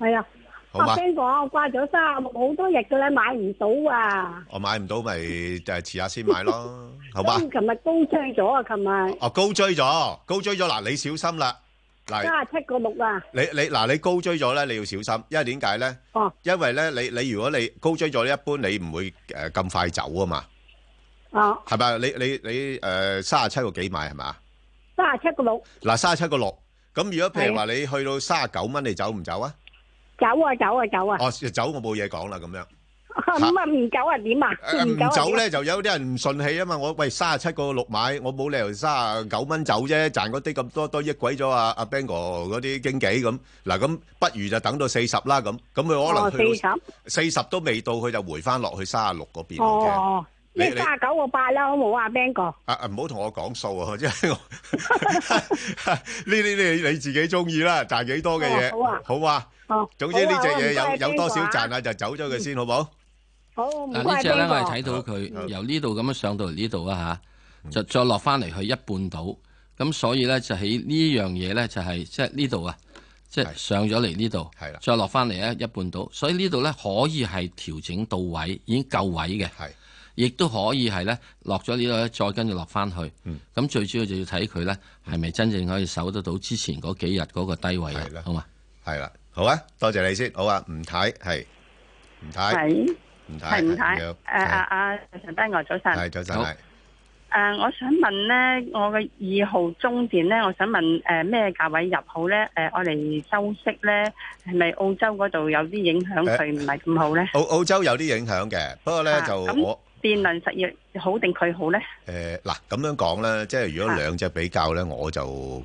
係啊。我聽講，我掛咗三廿六好多日嘅咧，買唔到啊！我買唔到咪就係遲下先買咯，好嗎？咁琴日高追咗啊！琴日哦高追咗，高追咗嗱，你小心啦！嗱，三廿七個六啊！你你嗱，你高追咗咧，你要小心，因為點解咧？哦，因為咧，你你如果你高追咗，一般你唔會誒咁快走啊嘛。哦。係咪啊？你你你誒三廿七個幾買係咪？三廿七個六。嗱，三廿七個六，咁如果譬如話你去到三廿九蚊，你走唔走啊？走啊走啊走啊！哦，走我冇嘢講啦，咁樣。咁啊唔走啊點啊？唔走咧就有啲人唔順氣啊嘛！我喂三十七個六買，我冇理由三啊九蚊走啫，賺嗰啲咁多多億鬼咗啊！阿 Bang 哥嗰啲經紀咁嗱，咁不如就等到四十啦咁，咁佢可能去到四十都未到，佢就回翻落去三啊六嗰邊。哦，一三啊九個八啦，好冇啊 Bang 哥。啊啊唔好同我講數啊，即係呢呢呢啲你自己中意啦，賺幾多嘅嘢。好啊，好啊。總之呢隻嘢有這有，有多少賺啊，就走咗佢先，好冇，嗯嗯？好，唔該。嗱呢隻咧，我哋睇到佢由呢度咁樣上到嚟，呢度啊，吓、嗯啊嗯啊嗯就是，就是就是，再落翻嚟去一半度。咁所以咧，就喺呢樣嘢咧，就係即係呢度啊，即係上咗嚟呢度，再落翻嚟咧一半度。所以呢度咧可以係調整到位，已經夠位嘅，亦都可以係咧落咗呢度咧，再跟住落翻去。嗯，咁最主要就要睇佢咧係咪真正可以守得到之前嗰幾日嗰個低位啊？好嘛，係啦。好啊，多謝你先。好啊，吳太係吳太，吳太係吳太。誒誒誒，阿陳丹娥早晨。係早晨。誒，我想問咧，我嘅二號中電咧，我想問誒咩價位入好咧？誒，我嚟收息咧，係咪澳洲嗰度有啲影響佢唔係咁好咧？澳澳洲有啲影響嘅，不過咧就我辯論實業好定佢好咧？誒，嗱，咁樣講咧，即係如果兩隻比較咧，我就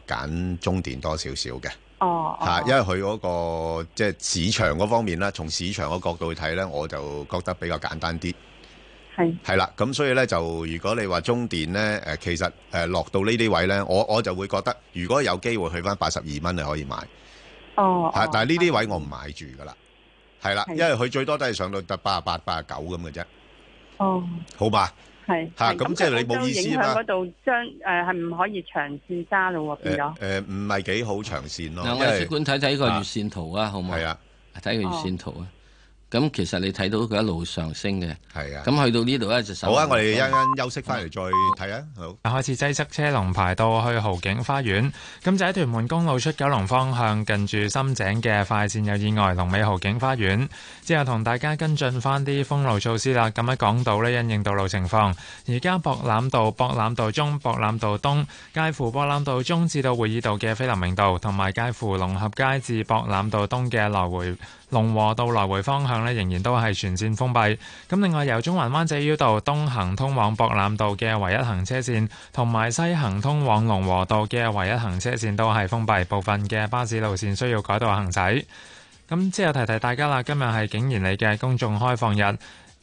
揀中電多少少嘅。哦，嚇、哦，因為佢嗰、那個即係、就是、市場嗰方面咧，從市場嗰角度去睇咧，我就覺得比較簡單啲。係係啦，咁所以呢，就如果你話中電呢，誒其實誒、呃、落到呢啲位呢，我我就會覺得如果有機會去翻八十二蚊，你可以買。哦，哦但係呢啲位我唔買住噶啦，係啦，因為佢最多都係上到得八十八、八十九咁嘅啫。哦，好吧。係，吓咁即係你冇意思啦。響嗰度，將誒係唔可以長線揸咯喎，變咗。誒、呃，唔係幾好長線咯。嗱，我哋即管睇睇個月線圖啊，好唔好？係啊，睇個月線圖啊。咁其實你睇到佢一路上升嘅，係啊！咁去到呢度咧就好啊！我哋一陣休息翻嚟再睇啊！好。開始擠塞車龍排到去豪景花園，咁就喺屯門公路出九龍方向近住深井嘅快線有意外，龍尾豪景花園之後同大家跟進翻啲封路措施啦。咁喺港島呢因應道路情況，而家博覽道、博覽道中、博覽道東、介乎博覽道中至到會議道嘅菲林明道，同埋介乎龍合街至博覽道東嘅來回。龍和道來回方向呢，仍然都係全線封閉。咁另外由中環灣仔繞道東行通往博覽道嘅唯一行車線，同埋西行通往龍和道嘅唯一行車線都係封閉。部分嘅巴士路線需要改道行駛。咁之後提提大家啦，今日係景賢里嘅公眾開放日。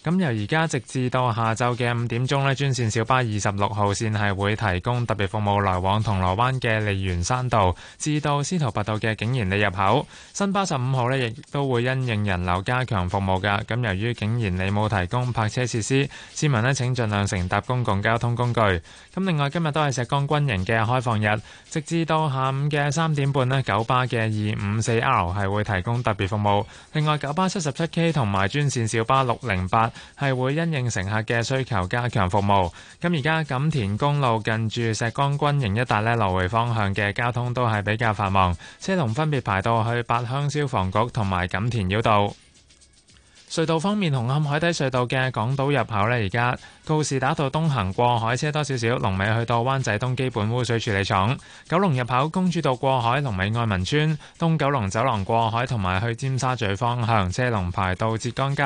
咁由而家直至到下晝嘅五點鐘咧，專線小巴二十六號線係會提供特別服務，來往銅鑼灣嘅利園山道至到司徒拔道嘅景賢里入口。新巴十五號咧亦都會因應人流加強服務嘅。咁由於景賢里冇提供泊車設施，市民咧請盡量乘搭公共交通工具。咁另外今日都係石崗軍營嘅開放日，直至到下午嘅三點半咧，九巴嘅二五四 L 係會提供特別服務。另外九巴七十七 K 同埋專線小巴六零八。係會因應乘客嘅需求加強服務。咁而家錦田公路近住石崗軍營一帶呢，來回方向嘅交通都係比較繁忙，車龍分別排到去八鄉消防局同埋錦田繞道。隧道方面，紅磡海底隧道嘅港島入口呢，而家告士打道東行過海車多少少，龍尾去到灣仔東基本污水處理廠；九龍入口公主道過海龍尾愛民村，東九龍走廊過海同埋去尖沙咀方向車龍排到浙江街；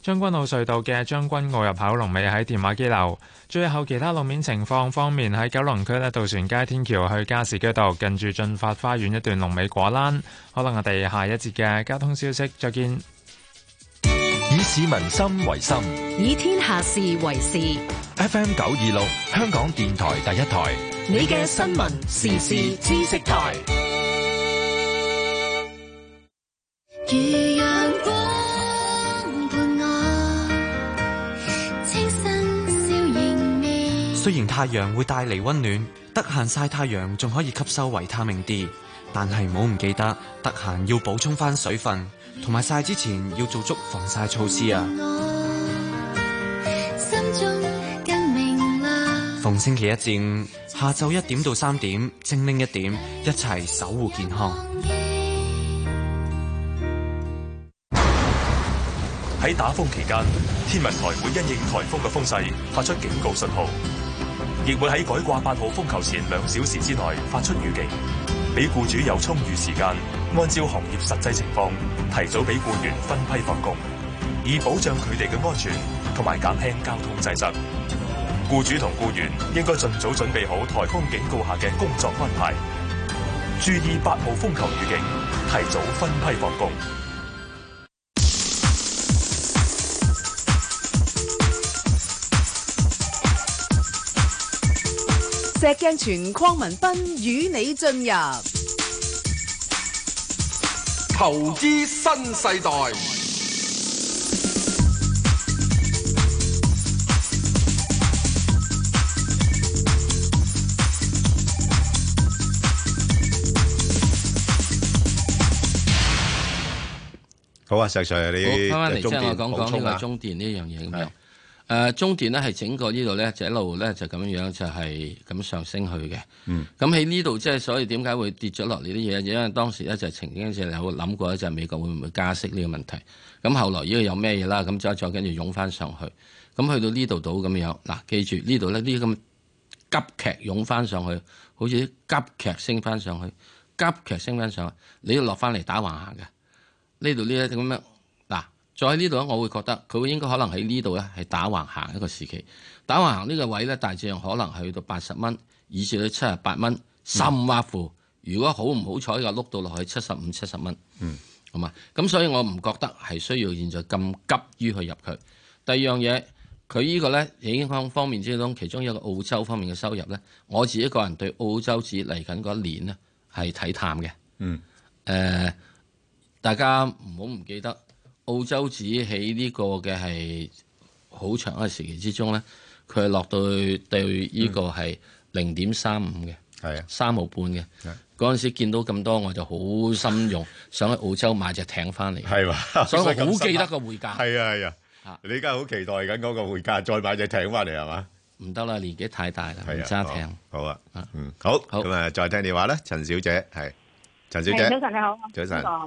將軍澳隧道嘅將軍澳入口龍尾喺電話機樓。最後，其他路面情況方面喺九龍區呢，渡船街天橋去加士居道近住駿發花園一段龍尾果欄。可能我哋下一節嘅交通消息再見。以市民心為心，以天下事為事。FM 九二六，香港電台第一台，你嘅新聞時事知識台。如陽光伴清新消滅滅。雖然太陽會帶嚟温暖，得閒曬太陽仲可以吸收維他命 D，但係唔好唔記得，得閒要補充翻水分。同埋曬之前要做足防曬措施啊！逢星期一至五，下晝一點到三點，精靈一點，一齊守護健康。喺打風期間，天文台會因應颱風嘅風勢發出警告信號，亦會喺改掛八號風球前兩小時之內發出預警，俾僱主有充裕時間，按照行業實際情況。提早俾僱員分批放工，以保障佢哋嘅安全同埋減輕交通擠塞。僱主同僱員應該盡早準備好台風警告下嘅工作安排，注意八號風球預警，提早分批放工。石鏡泉、鄺民彬與你進入。投資新世代。好啊，石 Sir，你翻翻嚟之後，我講講呢個中電呢樣嘢咁樣。誒、啊、中電咧係整個呢度咧，就一路咧就咁樣、就是、樣就係咁上升去嘅。咁喺呢度即係所以點解會跌咗落嚟啲嘢？因為當時咧就是、曾經有有諗過，就係美國會唔會加息呢個問題。咁後來呢個有咩嘢啦？咁之後再跟住湧翻上去。咁去到呢度到咁樣，嗱、啊，記住呢度呢啲咁急劇湧翻上去，好似急劇升翻上去，急劇升翻上去，你要落翻嚟打橫行嘅。呢度呢一咁樣。在呢度咧，我會覺得佢會應該可能喺呢度咧係打橫行一個時期，打橫行呢個位咧大致上可能去到八十蚊，以至到七十八蚊，甚至乎。如果好唔好彩嘅，碌到落去七十五、七十蚊，好嘛？咁所以我唔覺得係需要現在咁急於去入佢。第二樣嘢，佢呢個咧影響方面之中，其中一個澳洲方面嘅收入咧，我自己個人對澳洲市嚟緊嗰一年呢係睇淡嘅。誒、嗯呃，大家唔好唔記得。澳洲紙喺呢個嘅係好長嘅時期之中咧，佢係落到去對呢個係零點三五嘅，係、嗯、啊，三毫半嘅。嗰陣時見到咁多，我就好心用， 想喺澳洲買隻艇翻嚟。係嘛，所以我好記得個匯價。係 啊，係啊，啊，你而家好期待緊嗰個匯價，再買隻艇翻嚟，係嘛？唔得啦，年紀太大啦，唔揸、啊、艇好、啊。好啊，嗯，好，咁啊，再聽電話啦，陳小姐係，陳小姐，早晨你好，早晨，早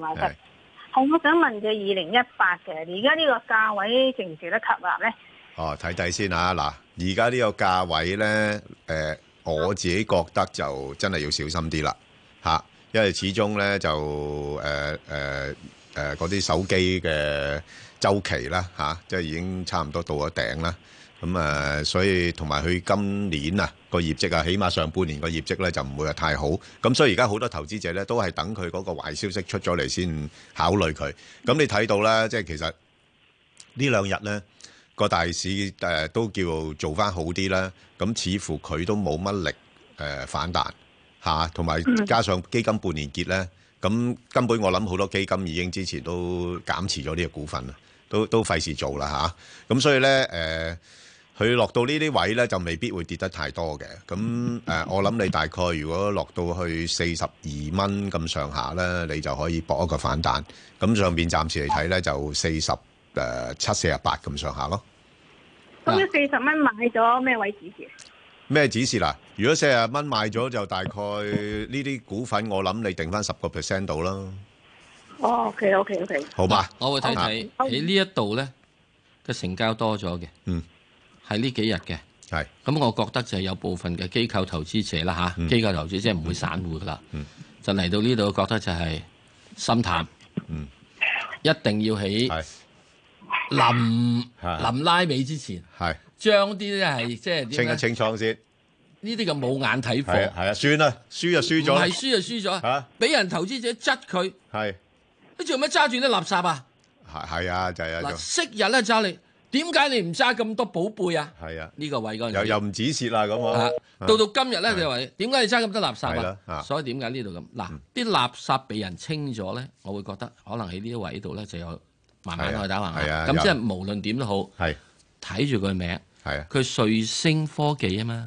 我想問佢二零一八嘅，而家呢個價位值唔值得吸納咧？哦，睇睇先嚇、啊，嗱，而家呢個價位咧，誒、呃，我自己覺得就真係要小心啲啦，嚇、啊，因為始終咧就誒誒誒嗰啲手機嘅週期啦，嚇、啊，即係已經差唔多到咗頂啦。咁啊，所以同埋佢今年啊個業績啊，起碼上半年個業績咧就唔會話太好。咁所以而家好多投資者咧都係等佢嗰個壞消息出咗嚟先考慮佢。咁你睇到啦，即係其實呢兩日咧個大市誒都叫做做翻好啲啦。咁似乎佢都冇乜力誒反彈吓，同埋加上基金半年結咧，咁根本我諗好多基金已經之前都減持咗呢個股份啦，都都費事做啦吓。咁所以咧誒。佢落到呢啲位咧，就未必會跌得太多嘅。咁誒，我諗你大概如果落到去四十二蚊咁上下咧，你就可以搏一個反彈。咁上面暫時嚟睇咧，就四十七四十八咁上下咯。咁四十蚊買咗咩位指示？咩指示嗱？如果四十蚊買咗，就大概呢啲股份，我諗你定翻十個 percent 到啦。哦、oh，OK，OK，OK、okay, okay, okay。好吧，我會睇睇喺呢一度咧嘅成交多咗嘅，嗯。係呢幾日嘅，咁我覺得就係有部分嘅機構投資者啦吓，機、嗯、構投資者唔會散戶噶啦，就嚟到呢度覺得就係心淡、嗯，一定要喺臨，臨、啊、臨拉尾之前，將啲咧係即係清一清倉先，呢啲就冇眼睇貨，係啊，啊，算啦，輸就輸咗，係輸就輸咗，俾、啊、人投資者窒佢，你做咩揸住啲垃圾啊？係係啊，就係、是、啊，昔日咧揸你。點解你唔揸咁多寶貝啊？係啊，呢個位嗰陣又又唔止蝕啦咁喎。到到今日咧，就話點解你揸咁多垃圾啊，啊？所以點解呢度咁？嗱、嗯，啲、啊、垃圾被人清咗咧，我會覺得可能喺呢一位度咧，就有慢慢去打橫。咁即係無論點都好，睇住佢名，佢、啊、瑞聲科技啊嘛，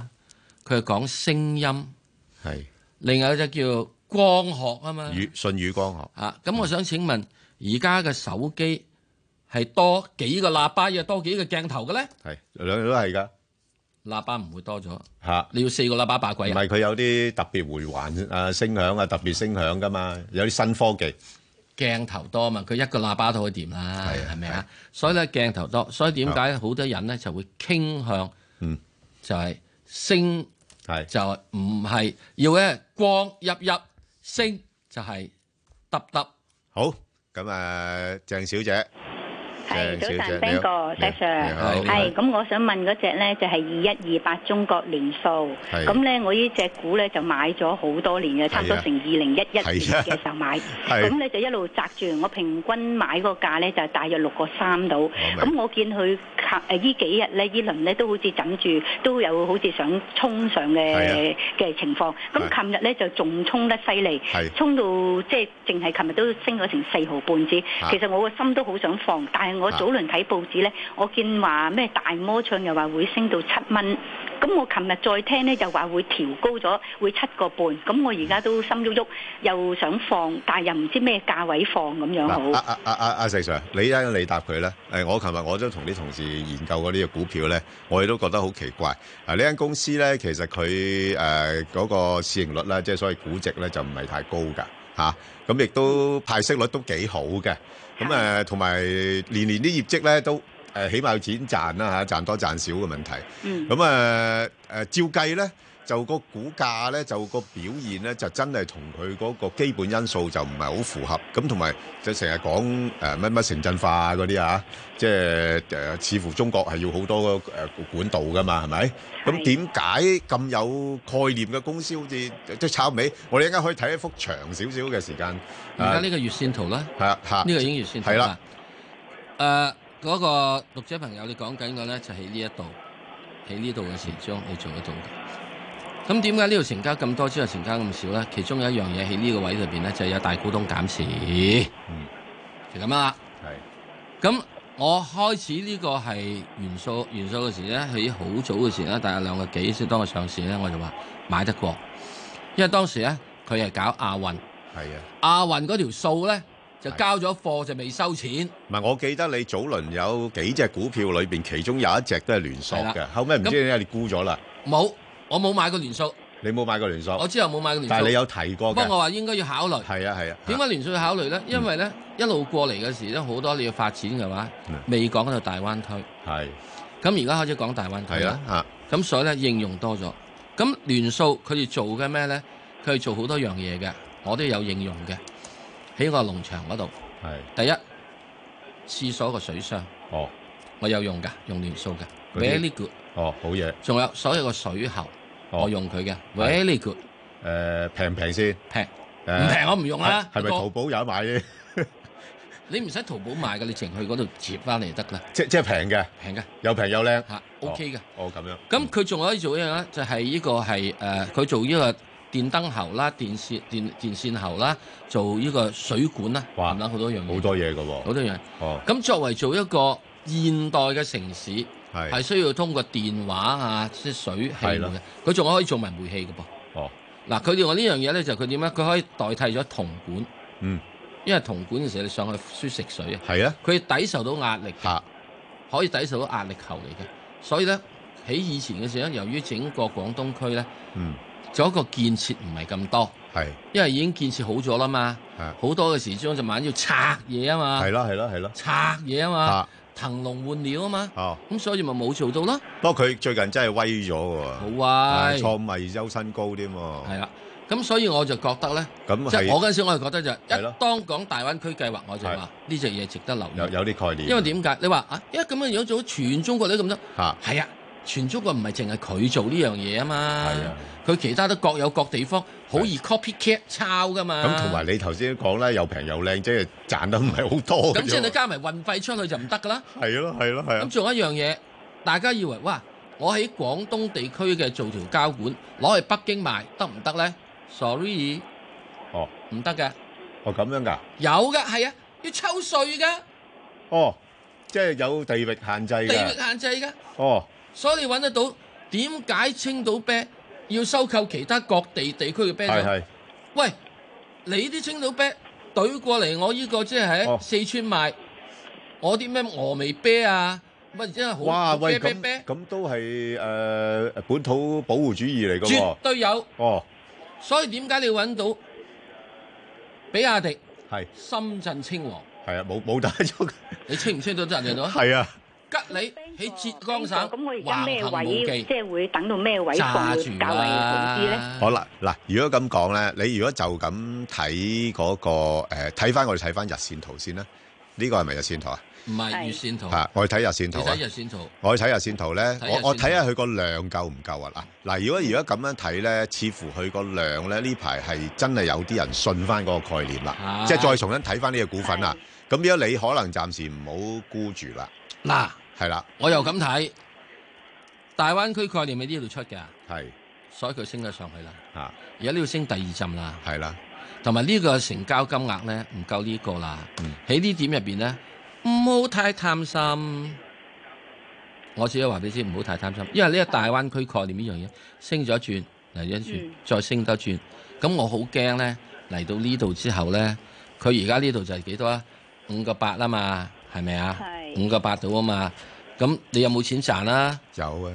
佢係講聲音。係、啊，另外一隻叫光學啊嘛，信宇光學。吓、啊，咁我想請問，而家嘅手機？係多幾個喇叭，又多幾個鏡頭嘅咧？係兩樣都係噶。喇叭唔會多咗吓，你要四個喇叭八軌。唔係佢有啲特別回環啊，聲響啊，聲響特別聲響噶嘛，有啲新科技。鏡頭多啊嘛，佢一個喇叭都可以掂啦，係咪啊？所以咧鏡頭多，所以點解好多人咧就會傾向，嗯，就係聲係，就唔係要咧光熠熠聲就係耷耷。好，咁啊，鄭小姐。係，早晨，Ben 哥，Sir，係，咁我想問嗰隻咧就係二一二八中國聯塑，咁咧我呢隻股咧就買咗好多年嘅、啊，差唔多成二零一一年嘅時候買，咁咧、啊、 就一路揸住，我平均買個價咧就係大約六個三度，咁我見佢。誒依、呃、幾日咧，依輪咧都好似枕住，都有好似想衝上嘅嘅、啊呃、情況。咁琴日咧就仲衝得犀利，衝到即係淨係琴日都升咗成四毫半紙。其實我個心都好想放，但係我早輪睇報紙咧、啊，我見話咩大摩唱又話會升到七蚊。咁我琴日再聽咧，就話會調高咗，會七個半。咁我而家都心喐喐，又想放，但係又唔知咩價位放咁樣好。阿啊啊阿阿、石 Sir，你睇你答佢咧。我琴日我都同啲同事研究嗰啲嘅股票咧，我哋都覺得好奇怪。啊，呢間公司咧，其實佢誒嗰個市盈率呢，即係所謂估值咧，就唔係太高㗎，嚇、啊。咁亦都派息率都幾好嘅。咁誒，同埋年年啲業績咧都。誒，起碼有錢賺啦嚇，賺多賺少嘅問題。嗯。咁誒誒，照計咧，就個股價咧，就個表現咧，就真係同佢嗰個基本因素就唔係好符合。咁同埋就成日講誒乜乜城鎮化嗰啲啊，即係誒，似乎中國係要好多個誒、呃、管道噶嘛，係咪？咁點解咁有概念嘅公司好似即係炒尾？我哋而家可以睇一幅長少少嘅時間。而家呢個月線圖啦，係啊，呢、啊呢個已經月線圖啦。誒。嗰、那個讀者朋友你，你講緊嘅咧就喺呢一度，喺呢度嘅時鐘你做得到嘅。咁點解呢度成交咁多，之後成交咁少咧？其中有一樣嘢喺呢個位上面咧，就係有大股東減持。嗯，就咁啦。係。咁我開始呢個係元素，元素嘅時咧，喺好早嘅時咧，大約兩個幾先當佢上市咧，我就話買得過。因為當時咧佢係搞亞運。係啊。亞運嗰條數咧。就交咗貨就未收錢。唔係，我記得你早輪有幾隻股票裏面，其中有一隻都係聯塑嘅。後尾唔知點解你，你沽咗啦。冇，我冇買過聯塑。你冇買過聯塑。我之後冇買過聯塑。但係你有提過。不過我話應該要考慮。係啊係啊。點解聯塑要考慮咧？因為咧一路過嚟嘅時咧好多你要發展嘅話，未講到大灣區。係。咁而家開始講大灣區啦。係啦。咁所以咧應用多咗。咁聯塑佢哋做嘅咩咧？佢係做好多樣嘢嘅。我都有應用嘅。喺個農場嗰度，第一廁所個水箱，哦，我有用噶，用尿素噶，Very good 哦好嘢，仲有所有個水喉，哦、我用佢嘅，Very good、呃啊這個，誒平唔平先？平， 唔平我唔用啦。係咪淘寶有得買？你唔使淘寶買嘅，你直接去嗰度接翻嚟得啦。即即係平嘅，平嘅，又平又靚吓、啊啊、OK 嘅哦咁、哦、樣。咁佢仲可以做一樣咧，就係呢個係誒，佢做呢個。電燈喉啦、電線電電線喉啦，做呢個水管啦，咁樣好多樣嘢，好多嘢嘅喎，好多樣。咁、哦、作為做一個現代嘅城市，係需要通過電話啊、啲水係，佢仲可以做埋煤氣嘅噃。哦，嗱，佢哋我呢樣嘢呢，就佢點呢？佢可以代替咗銅管，嗯，因為銅管嘅時候你上去輸食水啊，係、嗯、啊，佢抵受到壓力，吓、啊、可以抵受到壓力球嚟嘅，所以呢，喺以前嘅時候，由於整個廣東區呢。嗯。做一個建設唔係咁多，係，因為已經建設好咗啦嘛，好、啊、多嘅時將就萬要拆嘢啊嘛，係啦係啦係啦，拆嘢啊嘛，騰籠換鳥啊嘛，咁、啊嗯、所以咪冇做到咯。不過佢最近真係威咗喎，好威、啊，錯誤係修身高添、啊，係啦、啊，咁所以我就覺得咧，即係、就是、我嗰陣時我就覺得就一當講，當講大灣區計劃我就話呢隻嘢值得留意，有啲概念。因為點解？你話啊，因為咁樣如果做全中國都咁多，係啊。全中國唔係淨係佢做呢樣嘢啊嘛，係啊，佢其他都各有各地方，好易 copycat 抄噶嘛。咁同埋你頭先講咧，又平又靚，即係賺得唔係好多。咁即係你加埋運費出去就唔得噶啦。係咯，係咯，係啊。咁仲、啊啊、有一樣嘢，大家以為哇，我喺廣東地區嘅做條膠管攞去北京賣得唔得咧？Sorry，哦，唔得嘅。哦咁樣㗎、啊？有嘅，係啊，要抽稅㗎。哦，即係有地域限制，地域限制㗎。哦。所以你揾得到點解青島啤要收購其他各地地區嘅啤酒？係係。喂，你啲青島啤舉過嚟，我依個即係喺四川賣，我啲咩峨眉啤啊，乜真係好啤啤啤。咁都係誒本土保護主義嚟㗎喎。絕對有。哦。所以點解你揾到比亞迪？係。深圳青王。係啊，冇冇帶咗。你清唔清到責任到啊？係啊。吉，你喺浙江省，咁佢而家咩位，即係會等到咩位放會較為好啲咧？好啦，嗱，如果咁講咧，你如果就咁睇嗰個誒，睇翻我哋睇翻日線圖先啦。呢個係咪日線圖啊？唔係月線圖。嚇！我去睇日線圖。睇日線圖。我去睇日線圖咧，我我睇下佢個量夠唔夠啊？嗱，嗱，如果如果咁樣睇咧，似乎佢個量咧呢排係真係有啲人信翻嗰個概念啦。即係再重新睇翻呢個股份啦。咁如果你可能暫時唔好沽住啦。嗱、啊，係啦，我又咁睇、嗯，大灣區概念喺呢度出嘅，係，所以佢升咗上去啦。啊，而家呢度升第二陣啦，係啦，同埋呢個成交金額咧唔夠呢個啦，喺呢點入邊咧唔好太貪心，我只係話俾你知唔好太貪心，因為呢個大灣區概念呢樣嘢升咗一轉嚟，一轉、嗯，再升多轉，咁我好驚咧嚟到呢度之後咧，佢而家呢度就係幾多啊？五個八啦嘛，係咪啊？五個八到啊嘛，咁你有冇錢賺啦、啊？有啊，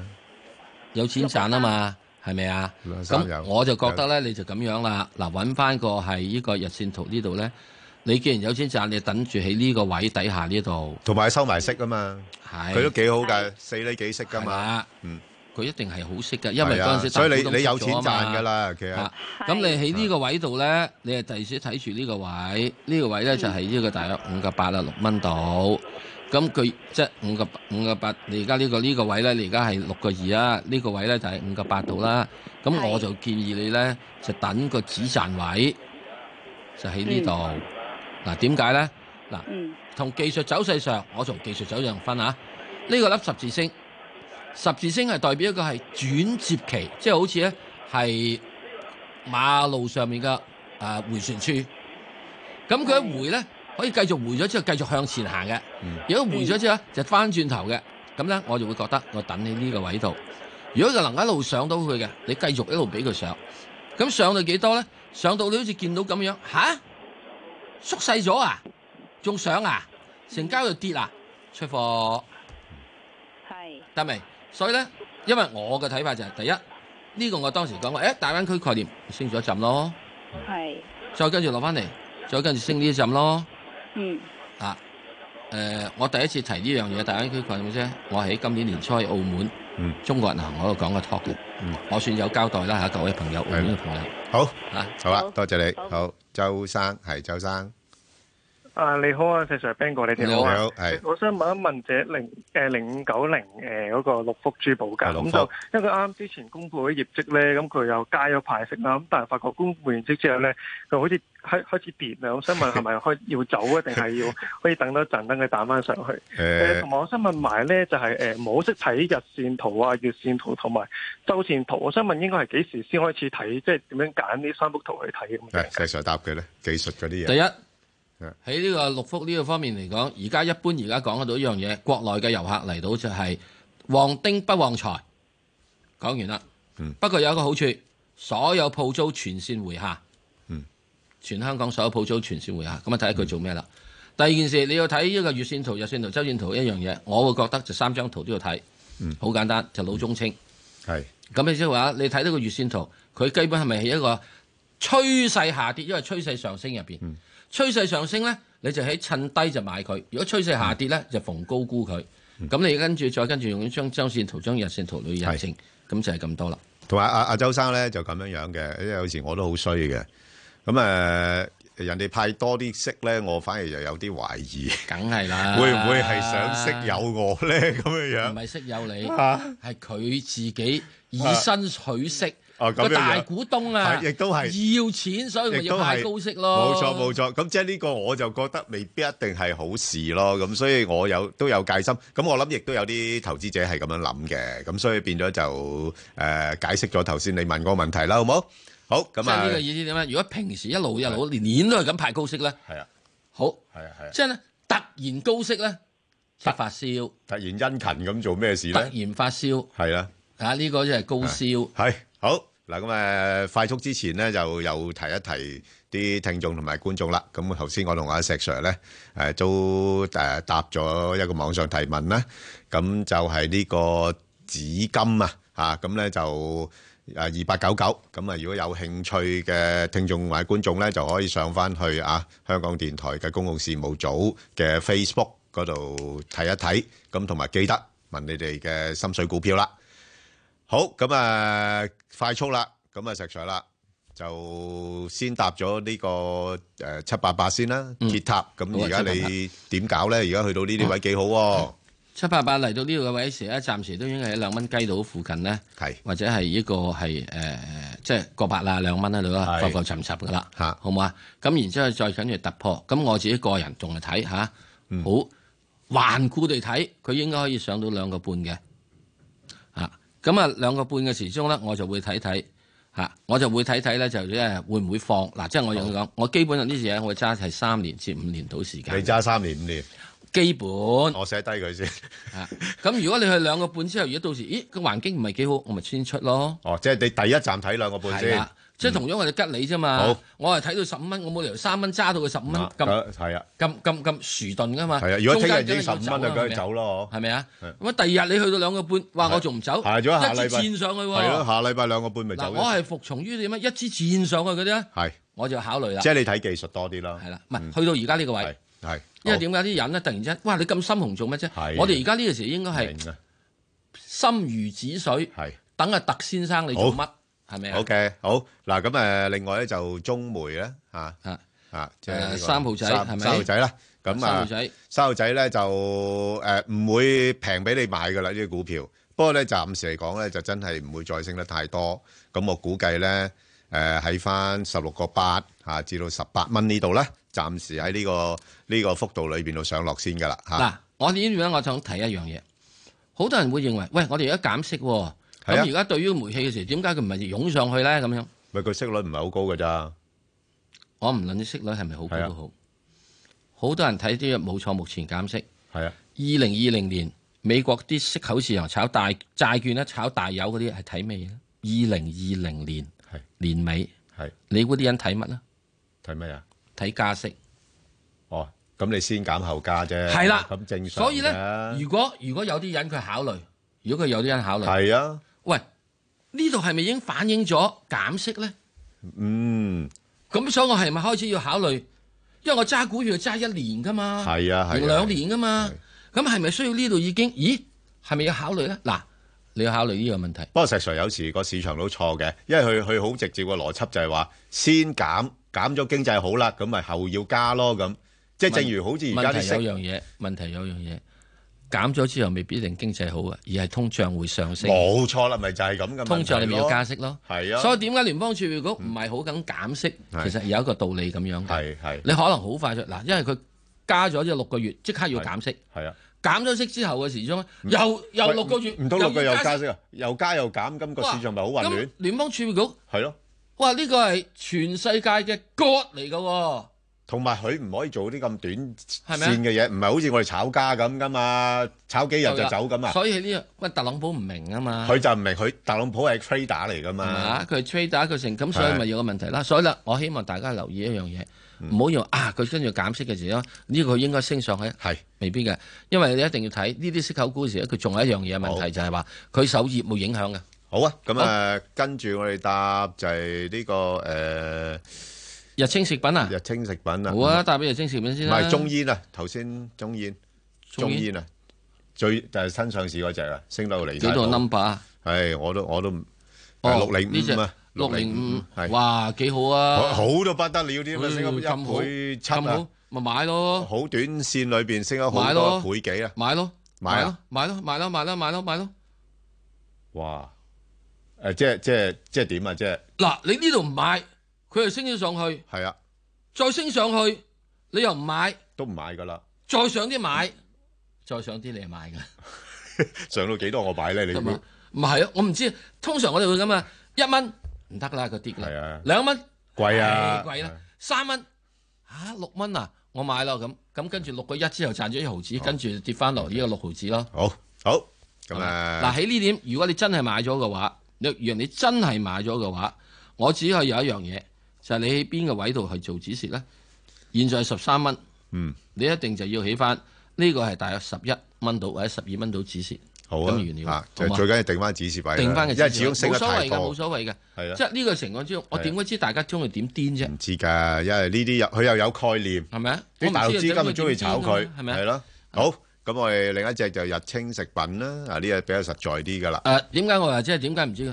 有錢賺啊嘛，係咪啊？咁我就覺得咧，你就咁樣啦。嗱，搵翻個係呢個日線圖呢度咧，你既然有錢賺，你等住喺呢個位底下呢度，同埋收埋息啊嘛。係，佢都幾好㗎，四厘幾息㗎嘛。嗯，佢一定係好息㗎，因為嗰陣時所以你你有錢賺㗎啦，其實。咁你喺呢個位度咧，你係第時睇住呢個位，呢、呢個位咧就係呢個大約五個八啦，六蚊到。咁佢即係五個五個八，你而家呢個呢個位咧，你而家係六個二啦。呢個位咧就係五個八度啦。咁我就建議你咧，就等個止賺位，就喺呢度。嗱，點解咧？嗱，同技術走勢上，我從技術走勢上分嚇，呢個粒十字星，十字星係代表一個係轉接期，即係好似咧係馬路上面嘅誒迴旋處。咁佢一回咧。可以繼續回咗之後繼續向前行嘅、嗯。如果回咗之後、嗯、就翻轉頭嘅，咁咧我就會覺得我等喺呢個位度。如果佢能一路上到去嘅，你繼續一路俾佢上。咁上到幾多咧？上到你好似見到咁樣吓，縮細咗啊？仲、啊、上啊？成交又跌啊？出貨係得未？所以咧，因為我嘅睇法就係、是、第一，呢、這個我當時講過，誒、哎、大灣區概念升咗一陣咯，係再跟住落翻嚟，再跟住升呢一陣咯。嗯啊，誒、呃，我第一次提呢樣嘢，大灣區羣嘅啫。我喺今年年初去澳門，嗯、中國銀行我講個講個 talk 嘅，我算有交代啦嚇，各位朋友，澳門嘅朋友，好嚇，好啦、啊、多謝你，好，好周生係周生。啊，你好啊，石 Sir Ben 哥，你哋好啊？你好，係。我想問一問這零誒零五九零誒嗰個六福珠寶價，咁、啊、就因為佢啱啱之前公布嘅業績咧，咁佢又加咗派息啦，咁但係發覺公布完績之後咧，就好似開開始跌啊，我想問係咪開要走啊，定係要 可以等多一陣等佢彈翻上去？誒、 呃，同埋我想問埋咧，就係、是、誒，冇識睇日綫圖啊、月綫圖同埋周綫圖，我想問應該係幾時先開始睇，即係點樣揀呢三幅圖去睇咁嘅？石 Sir 答佢咧，技術嗰啲嘢。第一。喺呢個六福呢個方面嚟講，而家一般而家講得到一樣嘢，國內嘅遊客嚟到就係旺丁不旺財，講完啦。嗯。不過有一個好處，所有鋪租全線回下。嗯。全香港所有鋪租全線回下，咁啊睇下佢做咩啦。嗯。第二件事，你要睇呢個月線圖、日線圖、周線圖一樣嘢，我會覺得就三張圖都要睇。嗯。好簡單，就老中青。係。嗯。咁你即係話，你睇呢個月線圖，佢基本係咪係一個趨勢下跌？因為趨勢上升入邊。嗯。趨勢上升咧，你就喺趁低就買佢；如果趨勢下跌咧，嗯、就逢高沽佢。咁、嗯、你跟住再跟住用張張線圖、張日線圖嚟入證，咁就係咁多啦。同埋阿阿周生咧就咁樣樣嘅，因為有時我都好衰嘅。咁、嗯呃、人哋派多啲息咧，我反而又有啲懷疑。梗係啦，會唔會係想息有我咧？咁樣樣唔係息有你，係、啊、佢自己以身取息。啊個大股東啊，亦都係要錢，所以咪要派高息咯。冇錯冇錯，咁即係呢個我就覺得未必一定係好事咯。咁所以我有都有戒心。咁我諗亦都有啲投資者係咁樣諗嘅。咁所以變咗就誒解釋咗頭先你問個問題啦，好冇？好，即係呢個意思點咧？如果平時一路一路年年都係咁派高息咧，係啊，好，係啊係啊。即係咧突然高息咧，發發燒，突然殷勤咁做咩事咧？突然發燒，係啦，啊呢個即係高燒，係。好嗱，咁啊，快速之前咧，就又提一提啲聽眾同埋觀眾啦。咁頭先我同阿石 Sir 咧，誒都誒答咗一個網上提問啦。咁就係呢個紫金啊，嚇咁咧就誒二八九九。咁啊，如果有興趣嘅聽眾或者觀眾咧，就可以上翻去啊香港電台嘅公共事務組嘅 Facebook 嗰度睇一睇。咁同埋記得問你哋嘅心水股票啦。好咁啊，快速啦，咁啊石彩啦，就先搭咗呢個誒七八八先啦，鐵塔。咁而家你點搞咧？而家去到呢啲位幾好？七八八嚟到呢度嘅位時咧，暫時都應該喺兩蚊雞度附近咧。係或者係呢個係誒，即係個八啦，兩蚊喺度啦，浮浮沉沉噶啦，好唔好啊？咁然之後再緊住突破。咁我自己個人仲係睇吓，好頑固地睇，佢應該可以上到兩個半嘅。咁啊，兩個半嘅時鐘咧，我就會睇睇嚇，我就會睇睇咧，就係會唔會放嗱，即係我樣講，我基本上啲嘢我會揸係三年至五年到時間，你揸三年五年基本，我寫低佢先嚇。咁 如果你去兩個半之後，如果到時咦個環境唔係幾好，我咪先出咯。哦，即係你第一站睇兩個半先。嗯、即係同樣我哋吉你啫嘛，我係睇到十五蚊，我冇理由三蚊揸到佢十五蚊咁，係啊，咁咁咁蠢鈍噶嘛。係啊，如果聽日十五蚊就梗係走咯，係咪啊？咁、啊啊啊啊、第二日你去到兩個半，話我仲唔走？啊、下禮拜一支箭上去喎、啊。下禮拜兩個半咪走。啊、我係服從於點啊？一支箭上去嗰啲啊，我就考慮啦。即係你睇技術多啲咯。係啦，唔係、啊嗯、去到而家呢個位，係、啊啊、因為點解啲人咧突然之間，哇！你咁深紅做乜啫？我哋而家呢個時候應該係心如止水，係、啊、等阿特先生你做乜？好嘅，好嗱，咁誒，另外咧就中煤咧嚇嚇，即係三號仔係咪？三號仔啦，咁啊，三號仔，三號仔咧就誒唔會平俾你買㗎啦，呢啲股票。不過咧，暫時嚟講咧，就真係唔會再升得太多。咁我估計咧，誒喺翻十六個八嚇至到十八蚊呢度咧，暫時喺呢個呢個幅度裏邊度上落先㗎啦嚇。嗱，我點樣？我想睇一樣嘢。好多人會認為，喂，我哋而家減息喎。咁而家對於煤氣嘅時候，點解佢唔係湧上去咧？咁樣咪佢息率唔係好高嘅咋？我唔論啲息率係咪好高、啊、都好，好多人睇啲冇錯，目前減息。係啊，二零二零年美國啲息口市場炒大債券咧，炒大油嗰啲係睇咩嘢？二零二零年係年尾係，你嗰啲人睇乜啦？睇咩啊？睇加息。哦，咁你先減後加啫。係啦、啊，咁正常。所以咧，如果如果有啲人佢考慮，如果佢有啲人考慮，係啊。喂，呢度係咪已經反映咗減息咧？嗯，咁所以我係咪開始要考慮？因為我揸股票要揸一年噶嘛，係啊係，啊兩年噶嘛，咁係咪需要呢度已經？咦，係咪要考慮咧？嗱，你要考慮呢個問題。不過石 Sir 有時個市場都錯嘅，因為佢佢好直接嘅邏輯就係話，先減減咗經濟好啦，咁咪後要加咯咁。即係正如好似而家係有樣嘢，問題有樣嘢。減咗之後未必定經濟好啊，而係通脹會上升。冇錯啦，咪就係咁咁。通脹你咪要加息咯。係啊。所以點解聯邦儲備局唔係好敢減息？其實有一個道理咁樣嘅。係係。你可能好快出。嗱，因為佢加咗即六個月，即刻要減息。係啊。減咗息之後嘅時鐘又又六個月，唔到六個月又加息啊？又加又減，咁個市場咪好混亂？聯邦儲備局係咯、啊。哇！呢個係全世界嘅國嚟噶喎。同埋佢唔可以做啲咁短線嘅嘢，唔係好似我哋炒家咁噶嘛，炒幾日就走咁啊？所以呢，喂，特朗普唔明啊嘛。佢就唔明，佢，特朗普係 trader 嚟噶嘛。佢係、啊、trader，佢成咁，所以咪有個問題啦。所以啦，我希望大家留意一樣嘢，唔、嗯、好用啊！佢跟住減息嘅時咯，呢、呢個應該升上去。係，未必嘅，因為你一定要睇呢啲息口股嘅時，佢仲有一樣嘢問題，就係話佢首頁冇影響嘅。好啊，咁啊，跟住我哋答就係呢、呢個誒。呃日清食品啊！日清食品啊！好啊，帶、嗯、俾日清食品先啦。唔係中煙啊，頭先中煙，中煙啊，啊，最就係、是、新上市嗰隻啊，升到嚟啦。幾多 number？啊，係我都我都唔六零五啊，六零五，哇，幾好啊！好到不得了，啲咁啊，升咗一倍七啊，咪買咯！好短線裏邊升咗好多倍幾啊！買咯，買咯，買咯，買咯，買咯，買咯，哇！誒、呃，即係即係即係點啊？即係嗱，你呢度唔買？佢又升咗上去，係啊，再升上去，你又唔買，都唔買噶啦。再上啲買，嗯，再上啲你又買噶， 上到幾多我擺咧？你唔係啊，我唔知。通常我哋會咁啊，一蚊唔得啦，佢跌啦，兩蚊貴啊，貴啦，三蚊吓六蚊啊，我買咯，咁，咁跟住六個一之後賺咗一毫子，跟住跌翻落呢個六毫子咯。好，好咁啊。嗱喺呢點，如果你真係買咗嘅話，若若你真係買咗嘅話，我只可以有一樣嘢。就係、是、你喺邊個位度去做止蝕咧？現在十三蚊，嗯，你一定就要起翻呢、這個係大約十一蚊到或者十二蚊到止蝕。好咁原啊，啊，最緊要定翻止蝕位。定翻嘅，因為始終升得太多，冇所謂嘅，冇所謂嘅。即係呢個情況之中，啊、我點會知大家中意點癲啫？唔、啊、知㗎，因為呢啲佢又有概念，係咪啊？啲大資金又中意炒佢，係咪啊？係咯。好，咁我哋另一隻就日清食品啦。啊，呢隻比較實在啲㗎啦。誒、啊，點解我話即係？點解唔知嘅？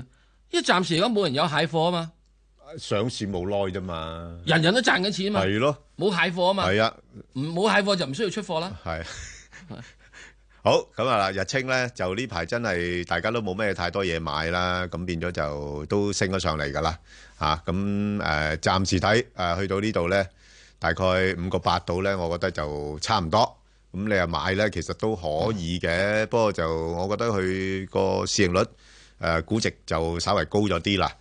因為暫時嚟講冇人有蟹貨啊嘛。上市冇耐啫嘛，人人都賺緊錢啊嘛，係咯，冇蟹貨啊嘛，係啊，唔冇蟹貨就唔需要出貨啦。係，好咁啊！日清呢就呢排真係大家都冇咩太多嘢買啦，咁變咗就都升咗上嚟噶啦，啊咁誒暫時睇誒去到呢度呢，大概五個八度呢，我覺得就差唔多。咁你啊買呢，其實都可以嘅，不過就我覺得佢個市盈率誒估值就稍微高咗啲啦。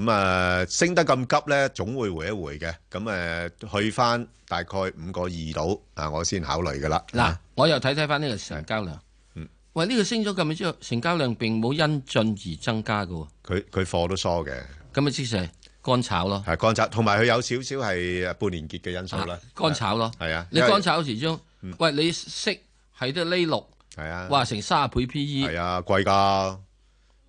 咁啊，升得咁急咧，總會回一回嘅。咁誒，去翻大概五個二度啊，我先考慮㗎啦。嗱，我又睇睇翻呢個成交量。嗯，喂，呢、呢個升咗咁樣之後，成交量並冇因進而增加㗎。佢佢貨都疏嘅。咁咪即係乾炒咯。係、啊、乾炒，同埋佢有少少係半年結嘅因素啦、啊。乾炒咯。係啊。你乾炒嗰時將、嗯，喂，你息喺得呢六。係啊。哇！成卅倍 PE。係啊，貴㗎。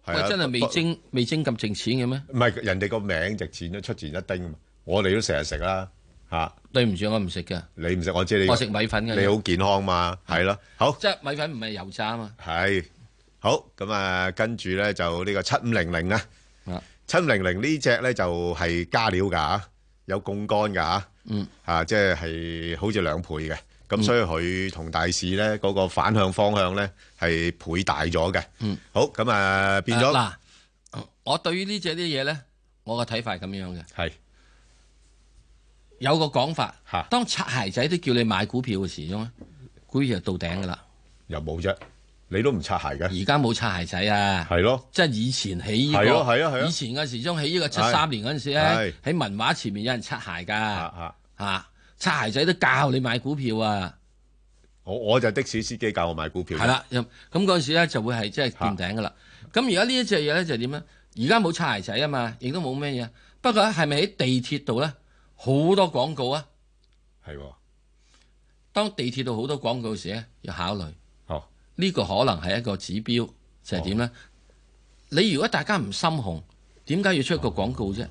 喂，真係味精，味精咁值錢嘅咩？唔係，人哋個名值錢，都出前一丁啊。我哋都成日食啦，吓。對唔住，我唔食嘅。你唔食，我知你。我食米粉嘅。你好健康嘛？係咯。好。即係米粉唔係油炸啊嘛。係。好，咁啊，跟住咧就呢個七五零零啦。啊。七五零零呢隻咧就係加料噶，有槓桿噶。嗯。啊，即係好似兩倍嘅，咁所以佢同大市咧嗰個反向方向咧。係倍大咗嘅，嗯，好咁啊，變咗。嗱、啊，我對於呢隻啲嘢咧，我看個睇法係咁樣嘅。係有個講法，當擦鞋仔都叫你買股票嘅時鐘，股就到頂噶啦。又冇啫，你都唔擦鞋噶。而家冇擦鞋仔啊，係咯，即係以前起係咯係咯係以前嘅時鐘起呢個七三年嗰陣時咧，喺文畫前面有人擦鞋噶，吓，擦、啊、鞋仔都教你買股票啊。我我就的士司機教我買股票的。係啦，咁嗰陣時咧就會係即係見頂噶啦。咁而家呢一隻嘢咧就係點咧？而家冇擦鞋仔啊嘛，亦都冇咩嘢。不過咧，係咪喺地鐵度咧好多廣告啊？係，當地鐵度好多廣告時咧，要考慮。哦，呢個可能係一個指標，就係點咧？你如果大家唔心紅，點解要出一個廣告啫？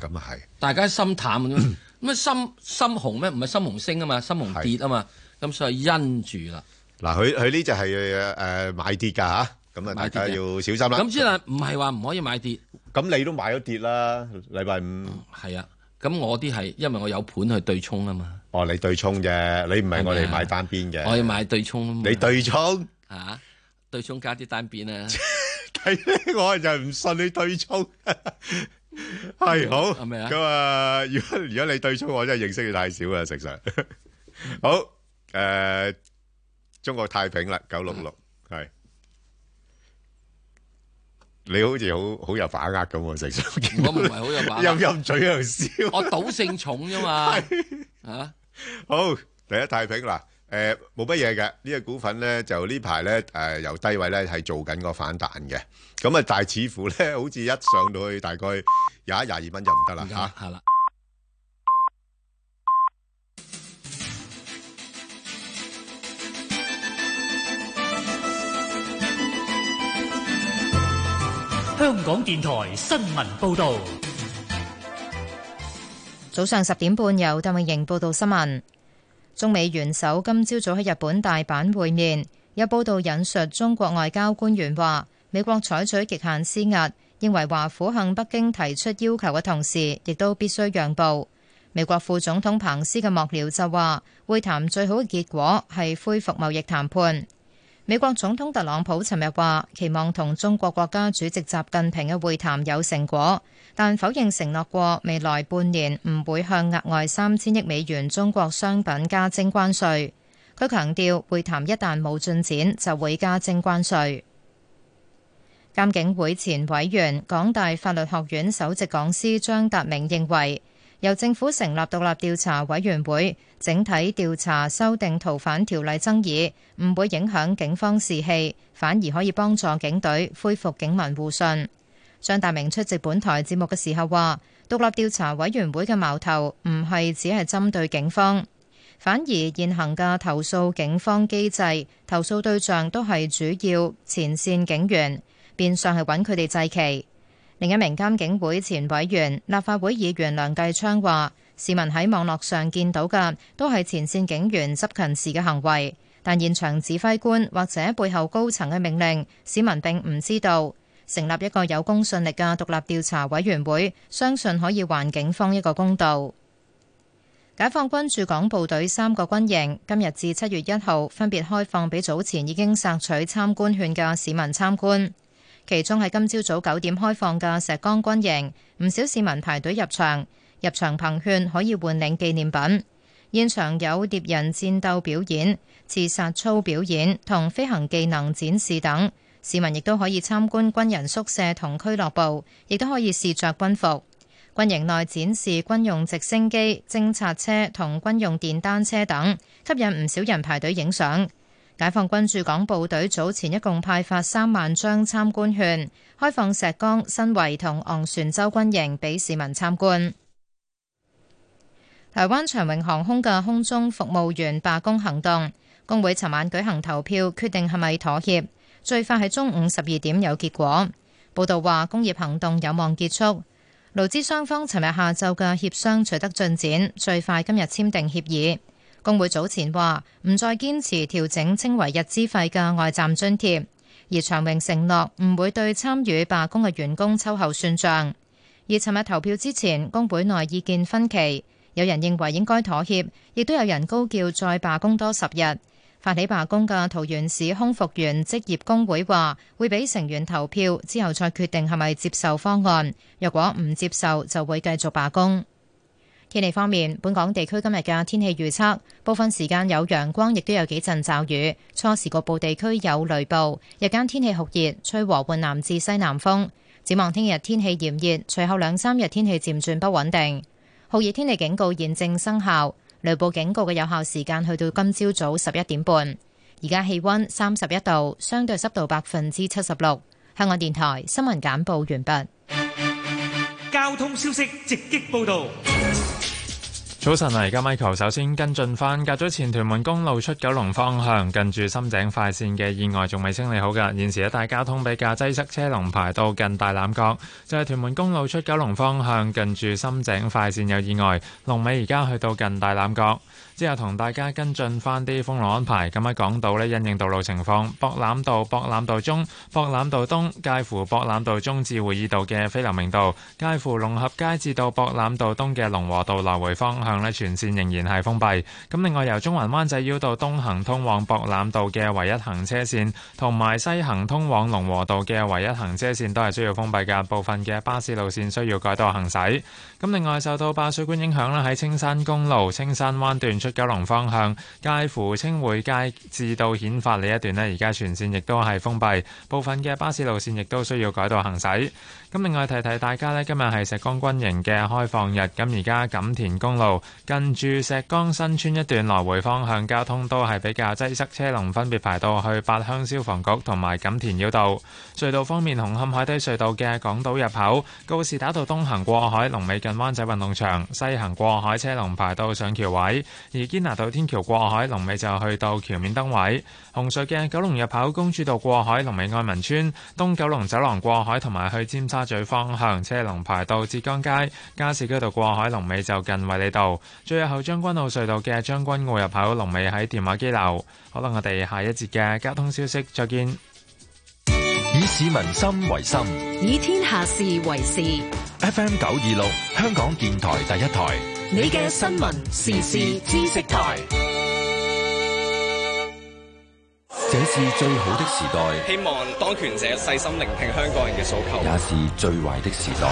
咁啊係。大家心淡咁，乜心心紅咩？唔係心紅升啊嘛，心紅跌啊嘛。咁所以因住啦，嗱，佢佢呢只係誒買跌噶吓，咁啊大家要小心啦。咁即係唔係話唔可以買跌？咁你都買咗跌啦，禮拜五。係啊，咁我啲係因為我有盤去對沖啊嘛。哦，你對沖啫，你唔係我哋買單邊嘅。我要買對沖啊嘛。你對沖吓？對沖加啲單邊啊？我就係唔信你對沖。係好。咁啊，如果如果你對沖，我真係認識你太少啊，其實。好。誒、呃，中國太平啦，九六六係，你好似好好有把握咁喎，成日我唔係好有把握， 又陰嘴又笑我，我賭性重啫嘛，吓、啊，好第一太平啦，誒冇乜嘢嘅呢個股份咧，就呢排咧誒由低位咧係做緊個反彈嘅，咁啊但係似乎咧好似一上到去大概廿一廿二蚊就唔得啦吓。謝謝啊香港電台新聞報道，早上十點半有鄧永瑩報道新聞。中美元首今朝早喺日本大阪會面，有報道引述中國外交官員話，美國採取極限施壓，認為華府向北京提出要求嘅同時，亦都必須讓步。美國副總統彭斯嘅幕僚就話，會談最好嘅結果係恢復貿易談判。美國總統特朗普尋日話，期望同中國國家主席習近平嘅會談有成果，但否認承諾過未來半年唔會向額外三千億美元中國商品加徵關稅。佢強調，會談一旦冇進展，就會加徵關稅。監警會前委員、港大法律學院首席講師張達明認為，由政府成立獨立調查委員會，整體調查修訂逃犯條例爭議，唔會影響警方士氣，反而可以幫助警隊恢復警民互信。張達明出席本台節目嘅時候話，獨立調查委員會嘅矛頭唔係只係針對警方，反而現行嘅投訴警方機制，投訴對象都係主要前線警員，變相係揾佢哋祭旗。另一名監警會前委員、立法會議員梁繼昌話：市民喺網絡上見到嘅都係前線警員執勤時嘅行為，但現場指揮官或者背後高層嘅命令，市民並唔知道。成立一個有公信力嘅獨立調查委員會，相信可以還警方一個公道。解放軍駐港部隊三個軍營今日至七月一號分別開放俾早前已經索取參觀券嘅市民參觀。其中喺今朝早九點開放嘅石崗軍營，唔少市民排隊入場，入場憑券可以換領紀念品。現場有獵人戰鬥表演、刺殺操表演同飛行技能展示等，市民亦都可以參觀軍人宿舍同俱樂部，亦都可以試着軍服。軍營內展示軍用直升機、偵察車同軍用電單車等，吸引唔少人排隊影相。解放軍駐港部隊早前一共派發三萬張參觀券，開放石崗、新圍同昂船洲軍營俾市民參觀。台灣長榮航空嘅空中服務員罷工行動，工會尋晚舉行投票，決定係咪妥協，最快喺中午十二點有結果。報道話，工業行動有望結束，勞資雙方尋日下晝嘅協商取得進展，最快今日簽訂協議。工會早前話唔再堅持調整稱為日資費嘅外站津貼，而長榮承諾唔會對參與罷工嘅員工秋後算賬。而尋日投票之前，工會內意見分歧，有人認為應該妥協，亦都有人高叫再罷工多十日。發起罷工嘅桃園市空服員職業工會話，會俾成員投票之後再決定係咪接受方案，若果唔接受就會繼續罷工。天氣方面，本港地區今日嘅天氣預測，部分時間有陽光，亦都有幾陣驟雨，初時局部地區有雷暴。日間天氣酷熱，吹和緩南至西南風。展望聽日天氣炎熱，隨後兩三日天氣漸轉不穩定。酷熱天氣警告現正生效，雷暴警告嘅有效時間去到今朝早十一點半。而家氣溫三十一度，相對濕度百分之七十六。香港電台新聞簡報完畢。交通消息直擊報道。早晨啊，而家 Michael 首先跟進返，隔早前屯門公路出九龍方向，近住深井快線嘅意外仲未清理好㗎，現時一帶交通比較擠塞，車龍排到近大欖角。就係屯門公路出九龍方向，近住深井快線有意外，龍尾而家去到近大欖角。之後同大家跟進翻啲封路安排。咁喺港島咧，因應道路情況，博覽道、博覽道中、博覽道東，介乎博覽道中至會議道嘅菲林明道，介乎龍合街至到博覽道東嘅龍和道來回方向咧，全線仍然係封閉。咁另外，由中環灣仔繞道東行通往博覽道嘅唯一行車線，同埋西行通往龍和道嘅唯一行車線，都係需要封閉嘅。部分嘅巴士路線需要改道行駛。咁另外，受到爆水管影響咧，喺青山公路青山灣段，出九龍方向，介乎清葵街至到顯發呢一段咧，而家全線亦都係封閉，部分嘅巴士路線亦都需要改道行駛。咁另外提提大家咧，今日係石崗軍營嘅開放日。咁而家錦田公路近住石崗新村一段來回方向交通都係比較擠塞，車龍分別排到去八鄉消防局同埋錦田繞道。隧道方面，紅磡海底隧道嘅港島入口、告士打道東行過海、龍尾近灣仔運動場，西行過海車龍排到上橋位，而堅拿道天橋過海龍尾就去到橋面燈位。紅隧嘅九龍入口公主道過海龍尾愛民邨，東九龍走廊過海同埋去尖沙。花咀方向車龍排到浙江街、加士居道過海，龍尾就近為你道；最後將軍澳隧道嘅將軍澳入口，龍尾喺電話機樓。好啦，我哋下一節嘅交通消息再見。以市民心為心，以天下事為事。FM 九二六，香港電台第一台，你嘅新聞時事知識台。這是最好的時代，希望當權者細心聆聽香港人嘅訴求，也是最壞的時代。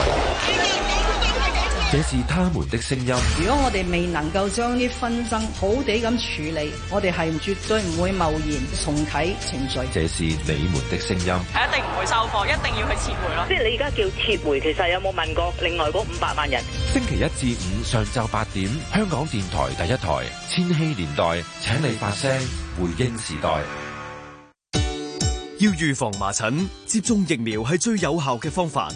這是他們的聲音。如果我哋未能夠將啲紛爭好地咁處理，我哋係絕對唔會貿然重啟程序。這是你們的聲音，係一定唔會收貨，一定要去撤回咯。即係你而家叫撤回，其實有冇問過另外嗰五百萬人？星期一至五上晝八點，香港電台第一台千禧年代，請你發聲回應時代。要預防麻疹，接種疫苗係最有效嘅方法。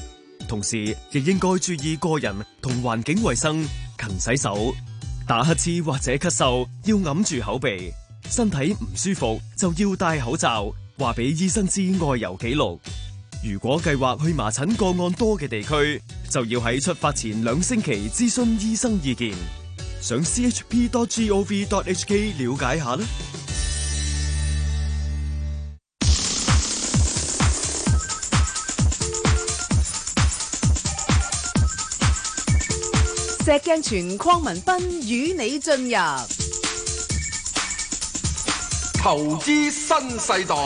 同時，亦應該注意個人同環境衛生，勤洗手。打乞嗤或者咳嗽要掩住口鼻。身體唔舒服就要戴口罩。話俾醫生知外遊記錄。如果計劃去麻疹個案多嘅地區，就要喺出發前兩星期諮詢醫生意見。上 chp.gov.hk 了解下啦。石鏡泉鄺民彬與你進入投資新世代。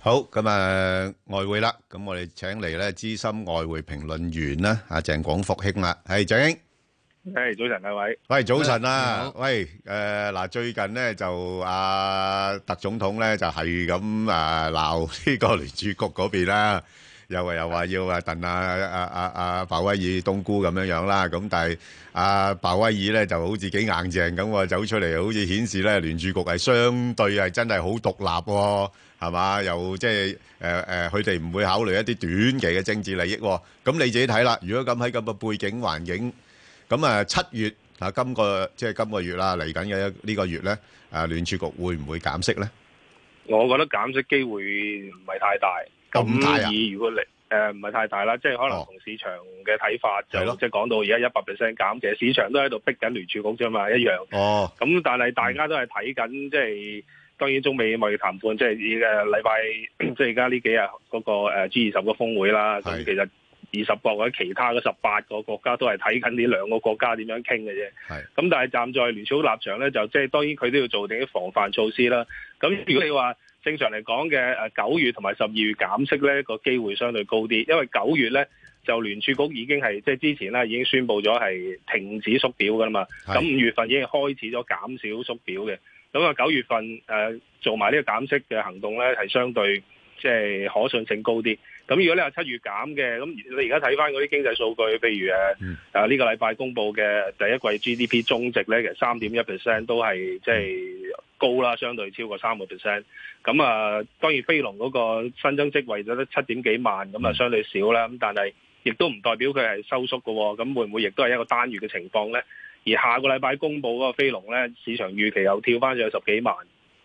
好，咁啊外匯啦，咁我哋請嚟咧資深外匯評論員啦，阿鄭廣福兄啦，係鄭兄。係早晨，阿偉。喂，早晨啊！喂，誒，嗱，最近咧就阿特總統咧就係咁啊，鬧呢個聯儲局嗰邊啦，又話又話要啊，鄧阿阿阿阿鮑威爾冬菇咁樣樣啦。咁但係阿鮑威爾咧就好似幾硬淨咁啊，走出嚟，好似顯示咧聯儲局係相對係真係好獨立，係嘛？又即係誒誒，佢哋唔會考慮一啲短期嘅政治利益。咁你自己睇啦。如果咁喺咁嘅背景環境。咁啊七月啊，今個即係今個月啦，嚟緊嘅呢個月咧，啊聯儲局會唔會減息咧？我覺得減息機會唔係太大，咁而、啊、如果嚟誒唔係太大啦，即係可能同市場嘅睇法就即係講到而家一百 percent 減，其實市場都喺度逼緊聯儲局啫嘛，一樣。哦。咁但係大家都係睇緊，即係當然中美貿易談判，即係誒禮拜，即係而家呢幾日嗰，誒個 G 二十嘅峰會啦。係。其實二十國或者其他嘅十八個國家都係睇緊呢兩個國家點樣傾嘅啫。係咁，但係站在聯儲局立場咧，就即係當然佢都要做啲防範措施啦。咁如果你話正常嚟講嘅誒九月同埋十二月減息咧，個機會相對高啲，因為九月咧就聯儲局已經係即係之前啦已經宣布咗係停止縮表噶啦嘛。咁五月份已經開始咗減少縮表嘅，咁啊九月份、呃、做埋呢個減息嘅行動咧係相對即係、就是、可信性高啲。咁如果你話七月減嘅，咁你而家睇翻嗰啲經濟數據，譬如誒誒呢個禮拜公布嘅第一季 GDP 終值咧，其實三點一 percent 都係即係高啦，相對超過三個 percent。咁啊，當然非農嗰個新增職位咗得七點幾萬，咁啊相對少啦。咁但係亦都唔代表佢係收縮嘅，咁會唔會亦都係一個單月嘅情況咧？而下個禮拜公布嗰個非農咧，市場預期又跳翻咗有十幾萬，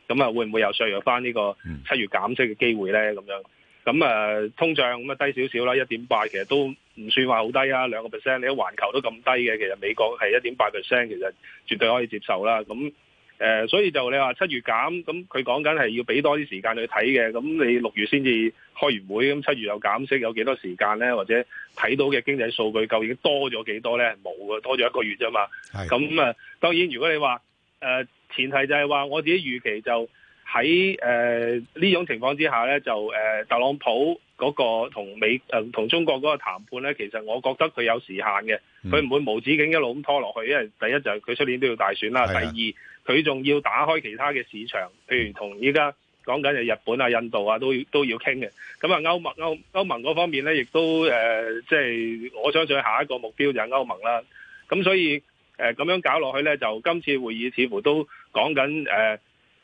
咁啊會唔會又削弱翻呢個七月減息嘅機會咧？咁樣？咁誒、呃、通脹咁啊低少少啦，一點八其實都唔算話好低啊，兩個 percent，你環球都咁低嘅，其實美國係一點八 percent，其實絕對可以接受啦。咁誒、呃，所以就你話七月減，咁佢講緊係要俾多啲時間去睇嘅。咁你六月先至開完會，咁七月又減息，有幾多時間咧？或者睇到嘅經濟數據究竟多咗幾多咧？冇嘅，多咗一個月啫嘛。咁啊、呃，當然如果你話誒、呃，前提就係話我自己預期就。喺誒呢種情況之下咧，就誒、呃、特朗普嗰個同美同、呃、中國嗰個談判咧，其實我覺得佢有時限嘅，佢、嗯、唔會無止境一路咁拖落去。因為第一就係佢出年都要大選啦，第二佢仲要打開其他嘅市場，譬如同依家講緊日本啊、印度啊，都都要傾嘅。咁啊，歐盟歐盟嗰方面咧，亦都誒即係我相信下一個目標就係歐盟啦。咁所以誒咁、呃、樣搞落去咧，就今次會議似乎都講緊誒。呃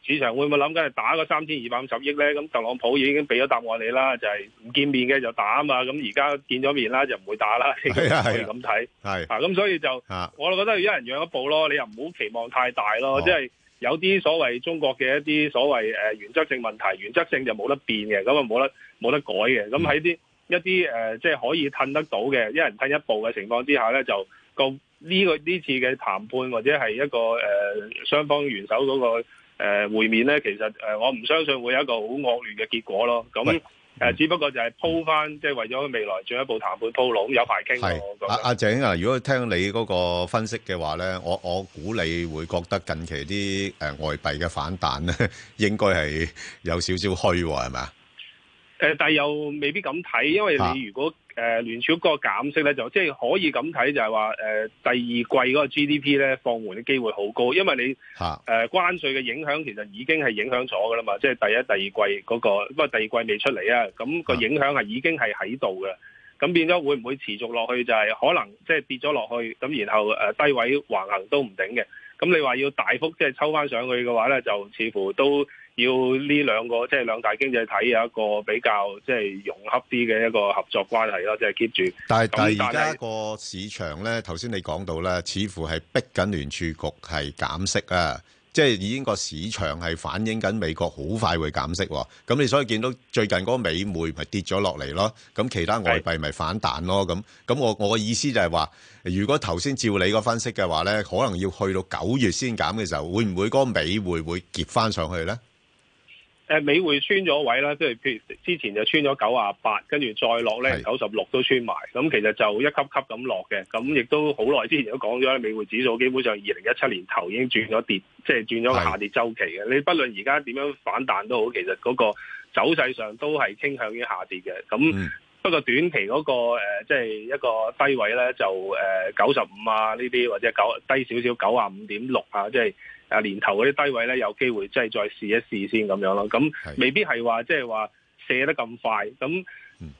市場會唔會諗緊係打個三千二百五十億咧？咁特朗普已經俾咗答案你啦，就係、係、唔見面嘅就打啊嘛。咁而家見咗面啦，就唔會打啦。係咁睇啊。咁所以就我覺得一人讓一步咯。你又唔好期望太大咯、啊，即係有啲所謂中國嘅一啲所謂原則性問題，原則性就冇得變嘅，咁啊冇得冇得改嘅。咁喺啲一啲、呃、即係可以褪得到嘅一人褪一步嘅情況之下咧，就、個呢個呢次嘅談判或者係一個誒、呃、雙方元首嗰、嗰個。誒、呃，會面咧，其實誒、呃，我唔相信會有一個好惡劣嘅結果咯。咁、呃、啊，誒，只不過就係鋪翻，即、嗯、係為咗未來進一步談判鋪路，有排傾。係、啊、阿阿鄭啊，如果聽你嗰個分析嘅話咧，我我估你會覺得近期啲誒、呃、外幣嘅反彈咧，應該係有少少虛，係咪啊？誒、呃，但係又未必咁睇，因為你如果。啊誒、呃、聯儲嗰個減息咧，就即係可以咁睇，就係話誒第二季嗰個 GDP 咧放緩嘅機會好高，因為你誒、呃、關稅嘅影響其實已經係影響咗噶啦嘛，即係第一、第二季嗰、那個，不過第二季未出嚟啊，咁個影響係已經係喺度嘅，咁變咗會唔會持續落去就係、是、可能即係跌咗落去，咁然後誒低位橫行都唔頂嘅，咁你話要大幅即係抽返上去嘅話咧，就似乎都。要呢兩個即係兩大經濟體有一個比較即係融洽啲嘅一個合作關係咯，即係 keep 住。但係但係而家個市場咧，頭先你講到啦似乎係逼緊聯儲局係減息啊！即係已經個市場係反映緊美國好快會減息喎。咁你所以見到最近嗰美匯咪跌咗落嚟咯，咁其他外幣咪反彈咯。咁咁我我嘅意思就係話，如果頭先照你個分析嘅話咧，可能要去到九月先減嘅時候，會唔會嗰美匯會結翻上去咧？誒美匯穿咗位啦，即係譬如之前就穿咗九啊八，跟住再落咧九十六都穿埋，咁其實就一級級咁落嘅，咁亦都好耐之前都講咗啦，美匯指數基本上二零一七年頭已經轉咗跌，即係轉咗下跌周期嘅。你不論而家點樣反彈都好，其實嗰個走勢上都係傾向於下跌嘅。咁不過短期嗰個誒，即係一個低位咧，就誒九十五啊呢啲，或者九低少少九啊五點六啊，即係。啊，年頭嗰啲低位咧，有機會即係再試一試先咁樣咯。咁未必係話即係話卸得咁快。咁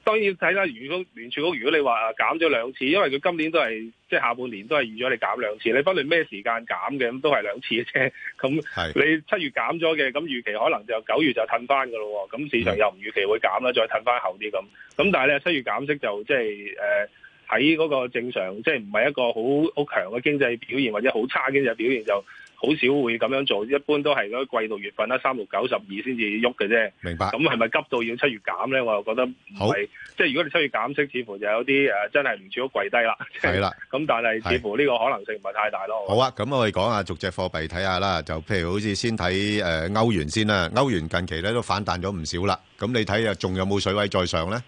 當然睇下，如果聯儲局如果你話減咗兩次，因為佢今年都係即係下半年都係預咗你減兩次。你無論咩時間減嘅，咁都係兩次嘅啫。咁你七月減咗嘅，咁預期可能就九月就褪翻噶咯。咁市場又唔預期會減啦，再褪翻後啲咁。咁但係咧，七月減息就即係誒喺嗰個正常，即係唔係一個好好強嘅經濟表現，或者好差嘅經濟表現就。好少會咁樣做，一般都係嗰個季度月份啦，三六九十二先至喐嘅啫。明白。咁係咪急到要七月減咧？我又覺得唔係。即係如果你七月減息，似乎就有啲誒真係唔至於跪低啦。係啦。咁但係似乎呢個可能性唔係太大咯。好啊，咁我哋講下逐隻貨幣睇下啦。就譬如好似先睇誒歐元先啦。歐元近期咧都反彈咗唔少啦。咁你睇下，仲有冇水位再上咧？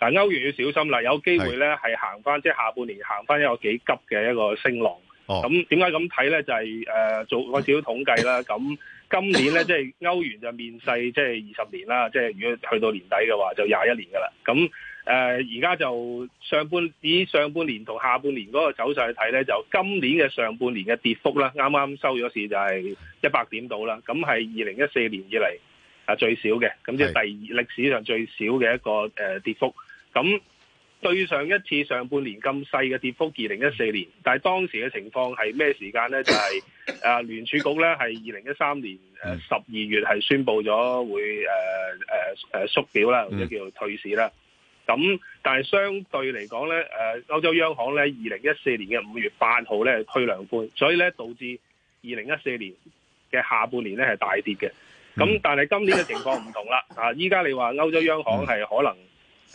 但係歐元要小心啦，有機會咧係行翻，即係下半年行翻一個幾急嘅一個升浪。咁點解咁睇咧？就係、是、誒、呃、做個小統計啦。咁 今年咧，即、就、係、是、歐元就面世即係二十年啦。即、就、係、是、如果去到年底嘅話，就廿一年噶啦。咁誒而家就上半以上半年同下半年嗰個走勢去睇咧，就今年嘅上半年嘅跌幅啦，啱啱收咗市就係一百點到啦。咁係二零一四年以嚟啊最少嘅，咁即係第二歷史上最少嘅一個、呃、跌幅。咁對上一次上半年咁細嘅跌幅，二零一四年，但係當時嘅情況係咩時間呢？就係誒聯儲局呢，係二零一三年誒十二月係宣布咗會誒誒誒縮表啦，或者叫做退市啦。咁、嗯、但係相對嚟講呢，誒、啊、歐洲央行呢，二零一四年嘅五月八號呢推量寬，所以呢，導致二零一四年嘅下半年呢，係大跌嘅。咁、嗯、但係今年嘅情況唔同啦，啊依家你話歐洲央行係可能，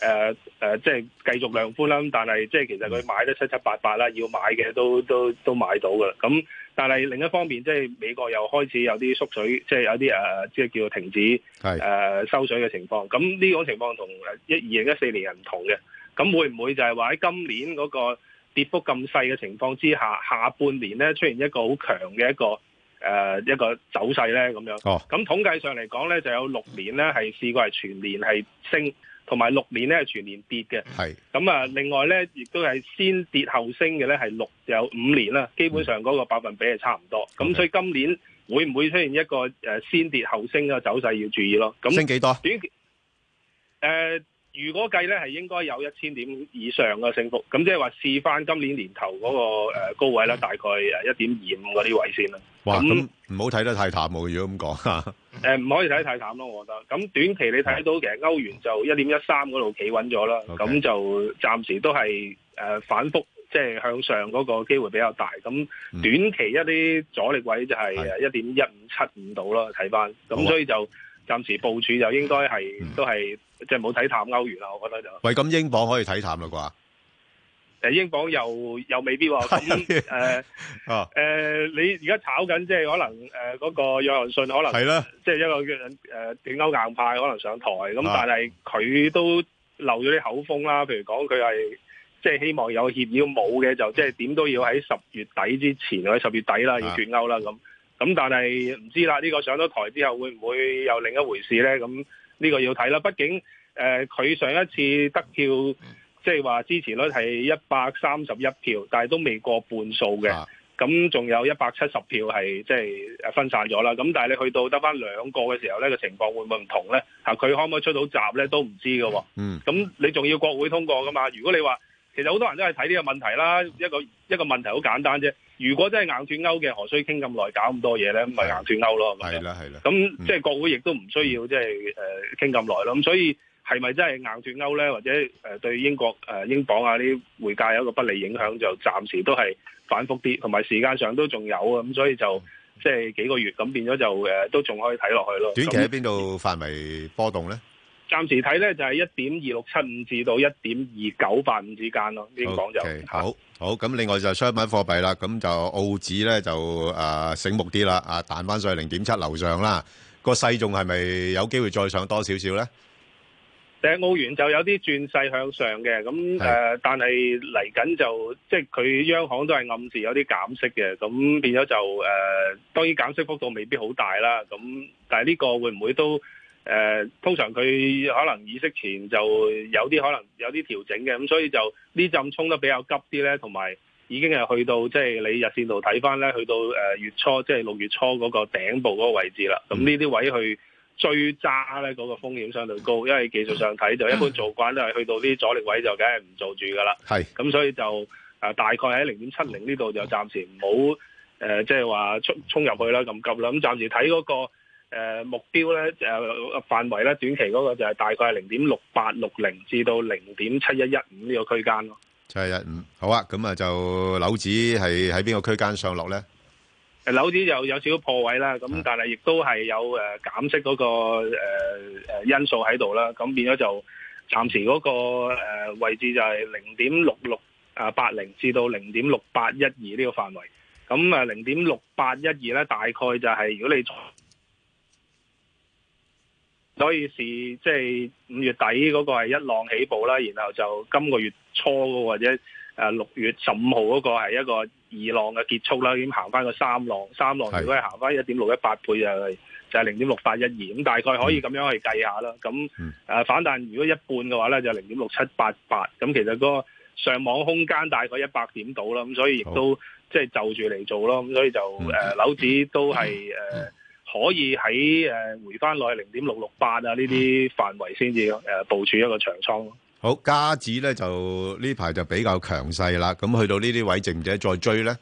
誒、呃、誒、呃，即係繼續量寬啦，但係即係其實佢買得七七八八啦，要買嘅都都都買到嘅啦，咁、嗯，但係另一方面，即係美國又開始有啲縮水，即係有啲誒、呃，即係叫停止誒、呃、收水嘅情況。咁、嗯、呢種情況跟同一二零一四年唔同嘅。咁、嗯、會唔會就係話喺今年嗰個跌幅咁細嘅情況之下，下半年咧出現一個好強嘅一個誒、呃、一個走勢咧咁樣、嗯？哦。咁、嗯、統計上嚟講咧，就有六年咧係試過係全年係升。同埋六年咧，全年跌嘅。係咁啊，另外咧，亦都係先跌後升嘅咧，係六有五年啦。基本上嗰個百分比係差唔多。咁、嗯、所以今年會唔會出現一個誒、呃、先跌後升嘅走勢要注意咯。咁升幾多？誒、呃，如果計咧係應該有一千點以上嘅升幅。咁即係話試翻今年年頭嗰個誒高位啦、嗯，大概誒一點二五嗰啲位先啦。哇！咁唔好睇得太淡喎，如果咁講吓。 誒、呃、唔可以睇太淡咯，我覺得。咁短期你睇到其實歐元就一點一三嗰度企穩咗啦，咁、okay. 就暫時都係誒、呃、反覆即係、就是、向上嗰個機會比較大。咁短期一啲阻力位就係誒一點一五七五度啦，睇翻。咁所以就暫時部署，就應該係、okay. 都係即係冇睇淡歐元啦，我覺得就。喂，咁英鎊可以睇淡啦啩？誒英鎊又又未必喎、哦，誒、嗯、誒、 呃 呃、你而家炒緊即係可能誒嗰、呃那個約翰遜，可能係啦，即係一個誒斷歐硬派可能上台咁、啊，但係佢都漏咗啲口風啦，譬如講佢係即係希望有協議，冇嘅就即係點都要喺十月底之前或者十月底啦要斷歐啦咁，咁但係唔知啦，呢、啊這個上咗台之後會唔會有另一回事咧？咁呢個要睇啦，畢竟誒佢、呃、上一次得票。即係話支持率係一百三十一票，但係都未過半數嘅。咁、啊、仲有一百七十票係即係分散咗啦。咁但係你去到得翻兩個嘅時候咧，個情況會唔會唔同咧？啊，佢可唔可以出到閘咧？都唔知㗎。嗯。咁你仲要國會通過噶嘛？如果你話其實好多人都係睇呢個問題啦，一個一個問題好簡單啫。如果真係硬脫歐嘅，何須傾咁耐，搞咁多嘢咧？咁咪硬脫歐咯。係啦，係啦。咁即係國會亦都唔需要即係誒傾咁耐咯。咁、嗯就是呃、所以。係咪真係硬脫歐咧？或者誒，對英國誒英鎊啊啲匯價有一個不利影響，就暫時都係反覆啲，同埋時間上都仲有啊，咁所以就即係幾個月咁變咗就誒，都仲可以睇落去咯。短期喺邊度範圍波動咧？暫時睇咧就係一點二六七五至到一點二九八五之間咯。英鎊就好好咁，另外就商品貨幣啦，咁就澳紙咧就誒醒目啲啦，啊彈翻上去零點七樓上啦。個勢仲係咪有機會再上多少少咧？澳元就有啲轉勢向上嘅，咁誒、呃，但係嚟緊就即係佢央行都係暗示有啲減息嘅，咁變咗就誒、呃，當然減息幅度未必好大啦，咁但係呢個會唔會都誒、呃？通常佢可能議息前就有啲可能有啲調整嘅，咁所以就呢陣衝得比較急啲咧，同埋已經係去到即係、就是、你日線度睇翻咧，去到誒、呃、月初即係六月初嗰個頂部嗰個位置啦。咁呢啲位去。嗯最揸咧，嗰個風險相對高，因為技術上睇就一般做慣都係去到啲阻力位就梗係唔做住噶啦。係咁，所以就誒大概喺零點七零呢度就暫時唔好誒，即係話衝衝入去啦，咁急啦。咁暫時睇嗰個誒目標咧，誒範圍咧，短期嗰個就係大概係零點六八六零至到零點七一一五呢個區間咯。七一五，好啊，咁啊就樓指係喺邊個區間上落咧？樓市又有少少破位啦，咁但係亦都係有誒減息嗰、嗰個誒、呃、因素喺度啦，咁變咗就暫時嗰個位置就係零點六六啊八零至到零點六八一二呢個範圍，咁啊零點六八一二咧大概就係如果你所以是即係五月底嗰個係一浪起步啦，然後就今個月初、嗰個、或者誒六月十五號嗰個係一個。二浪嘅結束啦，已經行翻個三浪，三浪如果行翻一點六一八倍是就係就係零點六八一二，咁大概可以咁樣去計下啦。咁、嗯、誒、呃、反彈如果一半嘅話咧，就零點六七八八。咁其實個上網空間大概一百點到啦。咁所以亦都即係就住、是、嚟做咯。咁所以就誒樓指都係誒、呃、可以喺誒、呃、回翻落去零點六六八啊呢啲範圍先至誒部署一個長倉。好，加指咧就呢排就比較強勢啦。咁去到呢啲位，值唔值再追咧？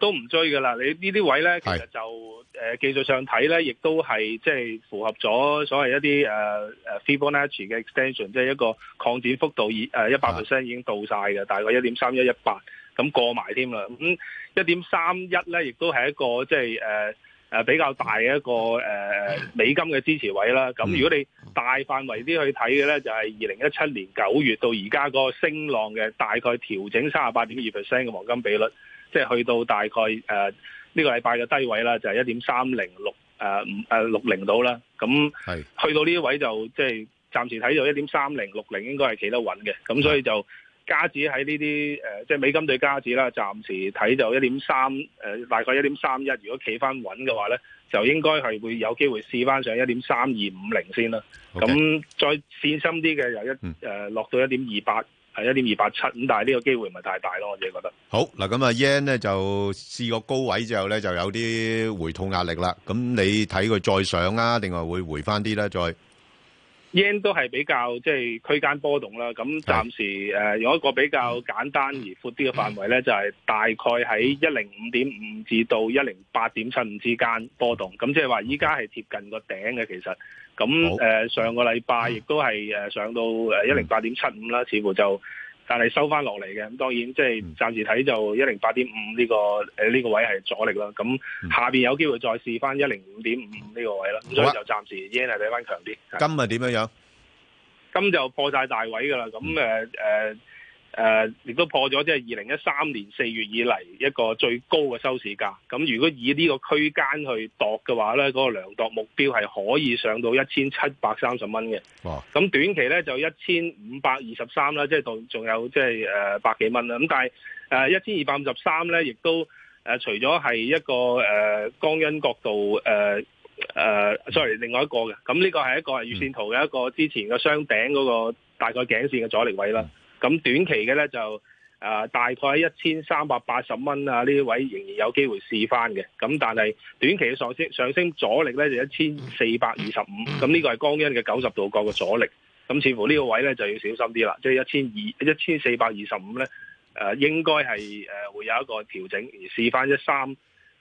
都唔追噶啦。你呢啲位咧，其實就誒、呃、技術上睇咧，亦都係即係符合咗所謂一啲誒、呃、Fibonacci 嘅 extension，即係一個擴展幅度已誒一百 percent 已經到晒嘅，大概一點三一一八咁過埋添啦。咁一點三一咧，亦都係一個即係誒。即係呃誒比較大嘅一個誒、呃、美金嘅支持位啦，咁如果你大範圍啲去睇嘅呢，就係二零一七年九月到而家個升浪嘅大概調整三十八點二 percent 嘅黃金比率，即係去到大概誒呢個禮拜嘅低位啦、呃呃，就係一點三零六誒誒六零度啦，咁去到呢位就即係暫時睇到一點三零六零應該係企得穩嘅，咁所以就。加子喺呢啲誒，即係美金對加子啦，暫時睇就一點三誒，大概一點三一。如果企翻穩嘅話咧，就應該係會有機會試翻上先、okay. 再一點三二五零先啦。咁再線深啲嘅，由一誒落到一點二八係一點二八七。咁但係呢個機會唔係太大咯，我自己覺得。好嗱，咁啊 Yen 咧就試過高位之後咧就有啲回吐壓力啦。咁你睇佢再上啊，定係會回翻啲咧？再。yen 都係比較即係、就是、區間波動啦，咁暫時有、呃、一個比較簡單而闊啲嘅範圍呢，就係、是、大概喺105.5至到一零八點七五之間波動，咁即係話依家係貼近個頂嘅其實。咁、呃、上個禮拜亦都係上到108.75啦，似乎就。但係收翻落嚟嘅，咁當然即係、就是、暫時睇就一零八點五呢個誒呢、呢個位係阻力啦。咁下邊有機會再試翻一零五點五呢個位啦。所以就暫時、啊、yen 係比翻強啲。金係點樣樣？金就破晒大位㗎啦。咁誒誒。嗯呃呃誒、呃，亦都破咗即係二零一三年四月以嚟一個最高嘅收市價。咁如果以呢個區間去度嘅話呢，嗰、嗰個量度目標係可以上到一千七百三十蚊嘅。哇！咁短期呢，就一千五百二十三啦，即係度仲有即係誒百幾蚊啦。咁但係誒一千二百五十三呢，亦都誒、呃、除咗係一個誒、呃、江恩角度誒誒、呃呃、，sorry，另外一個嘅。咁呢個係一個月線圖嘅一個之前嘅雙頂嗰個大概頸線嘅阻力位啦。嗯。咁短期嘅咧就，啊、呃、大概喺一千三百八十蚊啊呢啲位仍然有機會試翻嘅，咁但係短期嘅上升上升阻力咧就一千四百二十五，咁呢個係江恩嘅九十度角嘅阻力，咁似乎呢個位咧就要小心啲啦，即係一千二一千四百二十五咧，誒、呃、應該係誒、呃、會有一個調整而試翻一三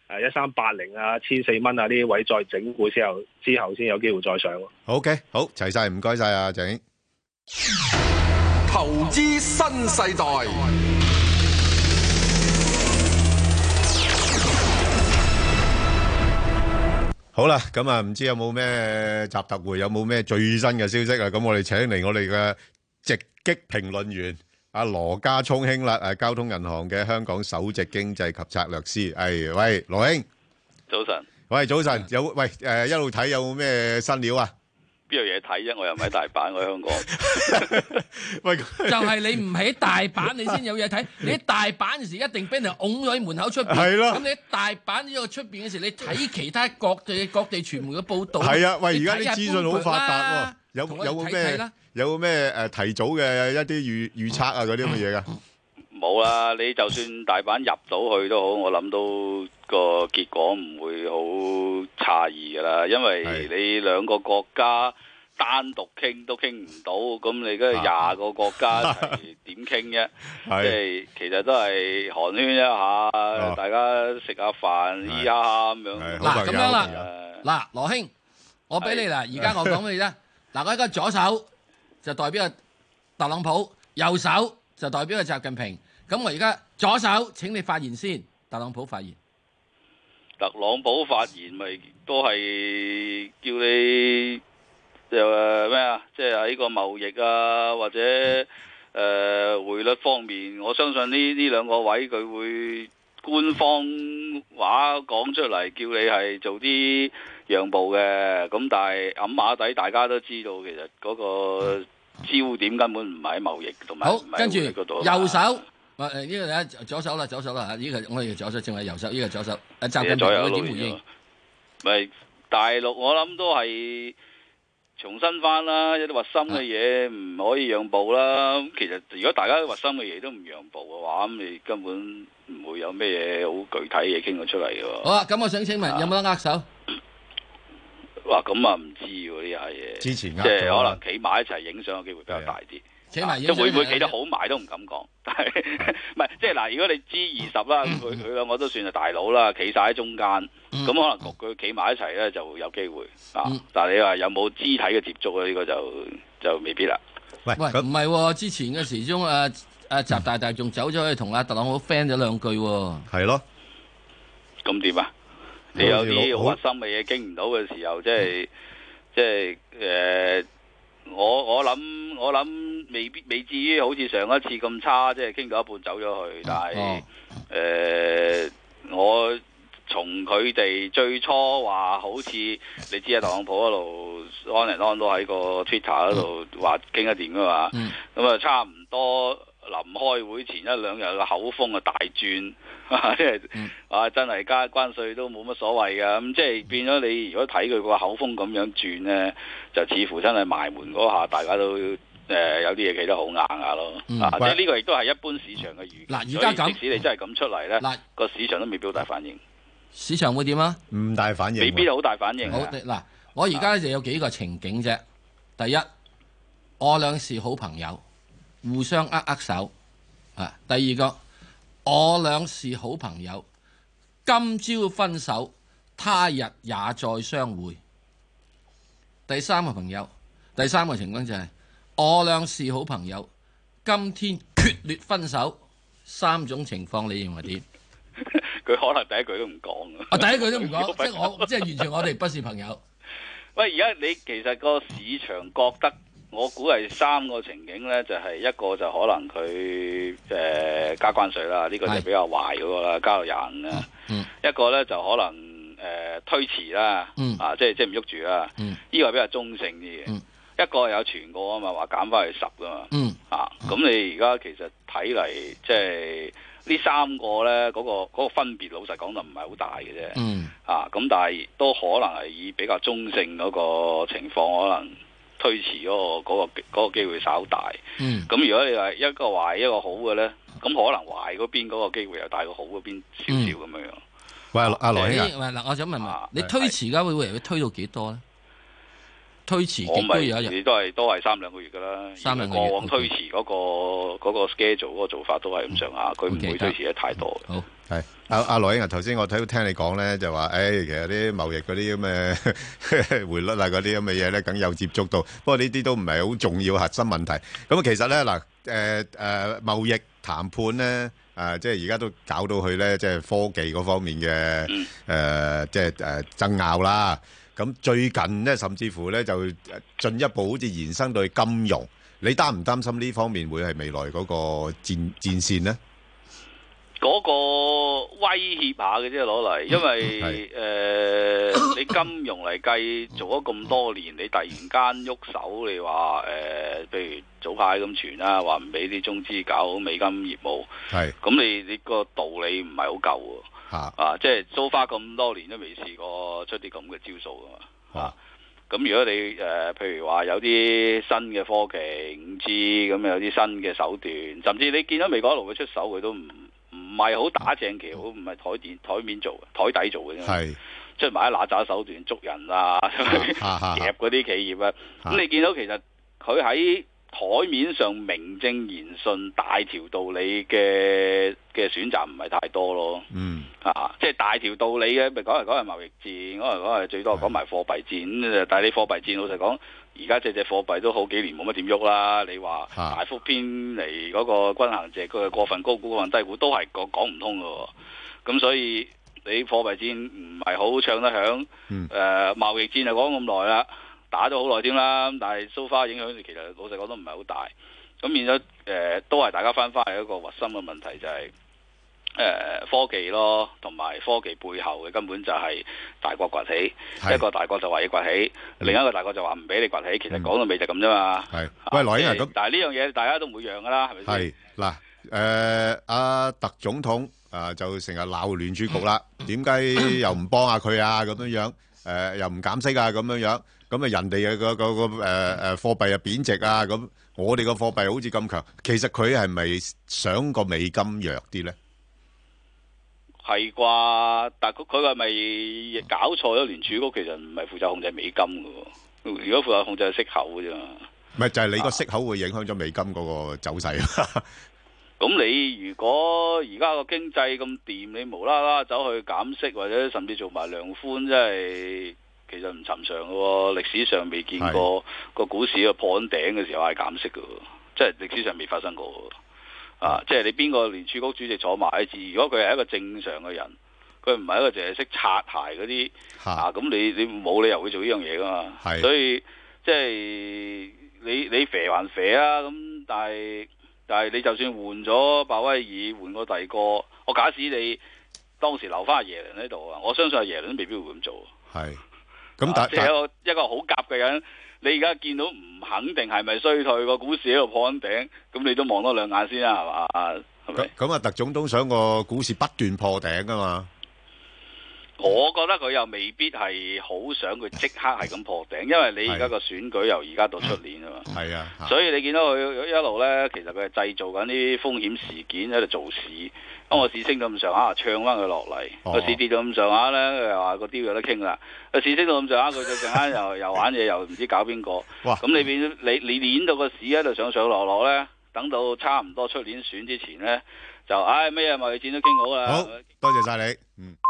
誒一三八零啊千四蚊啊呢啲位再整固之後，之後先有機會再上。Okay, 好 k 好齊晒，唔該晒啊鄭。投資新世代。好啦，咁啊，唔知有冇咩習特會，有冇咩最新嘅消息啊？咁我哋請嚟我哋嘅直擊評論員阿羅家聰兄啦，誒，交通銀行嘅香港首席經濟及策略師。係。喂，羅兄，早晨。喂，早晨，有，喂，誒，一路睇有冇咩新料啊？邊樣嘢睇啫？我又唔喺大阪，我喺香港。 就係你唔喺大阪你，你先有嘢睇。你喺大阪嗰時一定俾人拱咗喺門口出邊。係咯。咁你喺大阪呢個出邊嘅時，你睇其他各地各地傳媒嘅報導。係啊，喂！而家啲資訊好發達喎、啊，有有冇咩？有冇咩？誒，提早嘅一啲預預測啊，嗰啲咁嘅嘢㗎？嗯嗯冇啦，你就算大阪入到去都好，我諗都個結果唔會好詫異噶啦，因為你兩個國家單獨傾都傾唔到，咁你嗰廿個國家點傾啫？即係其實都係寒暄一下，大家食下飯依下咁樣。嗱，咁樣啦，嗱，羅兄，我俾你啦，而家我講俾你咧，嗱，我而家左手就代表特朗普，右手。就代表係習近平，咁我而家左手請你發言先，特朗普發言。特朗普發言咪都係叫你又咩啊？即係喺個貿易啊，或者誒匯率方面，我相信呢呢兩個位佢會官方話講出嚟，叫你係做啲讓步嘅。咁但係揞下底，大家都知道其實嗰個。焦點根本唔係喺貿易同埋，好跟住右手。喂，呢個你啊，左手啦，左手啦吓，呢個我哋左手，正係右手，呢個左手。誒，集體左右一路。咪大陸，我諗都係重新返啦，一啲核心嘅嘢唔可以讓步啦。咁其實如果大家核心嘅嘢都唔讓步嘅話，咁你根本唔會有咩嘢好具體嘢傾到出嚟嘅。好啦，咁我想請問，有冇得握手？哇，咁啊唔知喎，呢下嘢。之前即係、就是、可能企埋一齊影相嘅機會比較大啲。埋即會唔會企得好埋都唔敢講。唔係，即係嗱，如果你 G20 啦，佢佢兩個都算係大佬啦，企晒喺中間，咁、嗯、可能焗佢企埋一齊咧就有機會啊。嗯、但係你話有冇肢體嘅接觸咧？呢、這個就就未必啦。喂、唔係、哦，之前嘅時鐘啊啊，習、啊、大大仲走咗去同阿特朗普 friend 咗兩句、哦。係咯，咁點啊？你有啲好核心嘅嘢傾唔到嘅時候，即係即係誒我我諗我諗未必未至於好似上一次咁差，即係傾到一半走咗去。但係誒我從佢哋最初話好似你知啊，特朗普一路 on and on 都喺個 Twitter 嗰度話傾一點噶嘛，咁、嗯、啊差唔多臨開會前一兩日個口風啊大轉。即係啊，真係加關稅都冇乜所謂噶咁即係變咗你如果睇佢個口風咁樣轉呢，就似乎真係埋門嗰下，大家都誒、呃、有啲嘢企得好硬硬咯。或者呢個亦都係一般市場嘅預。嗱，而家咁，即使你真係咁出嚟呢，嗱、嗯、個市場都未必好大反應。市場會點啊？唔大反應。未必好大反應。嗱，我而家就有幾個情景啫。第一，我兩是好朋友，互相握握手啊。第二個。我兩是好朋友，今朝分手，他日也再相會。第三個朋友，第三個情況就係、是、我兩是好朋友，今天決裂分手。三種情況，你認為點？佢可能第一句都唔講啊！第一句都唔講， 即即係完全我哋不是朋友。喂，而家你其實個市場覺得？我估係三個情景咧，就係、是、一個就可能佢誒、呃、加關稅啦，呢、這個就是比較壞嗰個啦，加到廿五啦。一個咧就可能誒、呃、推遲啦、嗯，啊即即唔喐住啦。呢、嗯這個比較中性啲嘅、嗯。一個是有傳過啊嘛，話減翻去十噶嘛。啊，咁你而家其實睇嚟，即係呢三個咧，嗰、那個那個分別，老實講就唔係好大嘅啫、嗯。啊，咁但係都可能係以比較中性嗰個情況可能。推遲嗰個嗰個嗰個機會稍大，咁如果你話一個壞一個好嘅咧，咁可能壞嗰邊嗰個機會又大過好嗰邊少少咁樣樣。喂，阿羅先生、啊、喂，嗱，我想問下、啊，你推遲而家會會推到幾多咧？推遲幾多月啊？你都係都係三兩個月噶啦、那個。三兩個月，過往推遲嗰個 schedule 嗰個做法都係咁上下，佢、嗯、唔、okay，會推遲得太多嘅。嗯嗯好係阿阿羅英啊，頭先我都聽你講咧，就話誒，其實啲貿易嗰啲咁嘅匯率啊，嗰啲咁嘅嘢咧，梗有接觸到。不過呢啲都唔係好重要核心問題。咁啊，其實咧嗱，誒誒，貿易談判咧，啊，即係而家都搞到佢咧，即係科技嗰方面嘅誒，即係誒爭拗啦。咁最近咧，甚至乎咧，就進一步好似延伸到去金融。你擔唔擔心呢方面會係未來嗰個戰戰線咧？嗰、那個威脅下嘅啫，攞嚟，因為誒、呃、你金融嚟計做咗咁多年，你突然間喐手，你話誒、呃，譬如早排咁傳啦，話唔俾啲中資搞好美金業務，係咁，你你個道理唔係好夠喎，啊，即係租花咁多年都未試過出啲咁嘅招數㗎嘛，啊，咁、啊、如果你誒、呃、譬如話有啲新嘅科技五 G，咁有啲新嘅手段，甚至你見到美國一路佢出手，佢都唔～唔係好打正旗，好唔係台電台面做，台底做嘅啫。出埋一拿炸手段捉人啊，啊 夾嗰啲企業啊。咁、啊啊、你見到其實佢喺台面上名正言順大條道理嘅嘅選擇唔係太多咯。嗯，啊，即係大條道理嘅，咪講嚟講係貿易戰，可能講係最多講埋貨幣戰。但係你貨幣戰老實講。而家隻隻貨幣都好幾年冇乜點喐啦，你話大幅偏離嗰個均衡值，佢過份高估、過分,分低估，都係講唔通喎。咁所以你貨幣戰唔係好唱得響、嗯呃，貿易戰就講咁耐啦，打咗好耐添啦，但係 so far 影響其實老實講都唔係好大。咁變咗都係大家翻翻去一個核心嘅問題就係、是。誒科技咯，同埋科技背後嘅根本就係大國崛起。一個大國就話要崛起，另一個大國就話唔俾你崛起。其實講到尾就咁啫嘛。係喂羅伊人咁，但係呢樣嘢大家都唔會讓噶啦，係咪先？係嗱誒，阿特總統啊，就成日鬧聯儲局啦，點解又唔幫下佢啊？咁樣樣誒，又唔減息啊？咁樣樣咁啊，人哋嘅個個個誒誒貨幣啊貶值啊咁，我哋個貨幣好似咁強，其實佢係咪想個美金弱啲咧？係啩，但佢佢係咪搞錯咗聯儲局，其實唔係負責控制美金噶如果負責控制係息口嘅啫嘛，咪就係你個息口會影響咗美金嗰個走勢。咁、啊啊、你如果而家個經濟咁掂，你無啦啦走去減息，或者甚至做埋量寬，真係其實唔尋常噶歷史上未見過個股市啊破頂嘅時候係減息噶，即係歷史上未發生過。啊！即係你邊個聯儲局主席坐埋一齊？如果佢係一個正常嘅人，佢唔係一個淨係識擦鞋嗰啲啊！咁、啊、你你冇理由會做呢樣嘢噶嘛？係，所以即係你你肥還肥啊！咁但係但係你就算換咗鮑威爾，換個第二個，我假使你當時留翻阿耶倫喺度啊，我相信阿耶倫都未必會咁做。係，咁、啊、但即係一個一個好夾嘅人。你而家見到唔肯定係咪衰退個股市喺度破緊頂，咁你都望多兩眼先啦，係嘛？咁咁啊，特總都想個股市不斷破頂㗎嘛！我覺得佢又未必係好想佢即刻係咁破頂，因為你而家個選舉由而家到出年啊嘛。係啊，所以你見到佢一路咧，其實佢係製造緊啲風險事件喺度做市。咁我市升到咁上下來，唱翻佢落嚟，個市跌到咁上下咧，佢又話嗰啲有得傾啦。個市升到咁上下，佢就陣間又又玩嘢，又唔知搞邊個。哇！咁你變你你捻到個市喺度上上落落咧，等到差唔多出年選之前咧，就唉咩貿易戰都傾好啦。好多謝晒你。嗯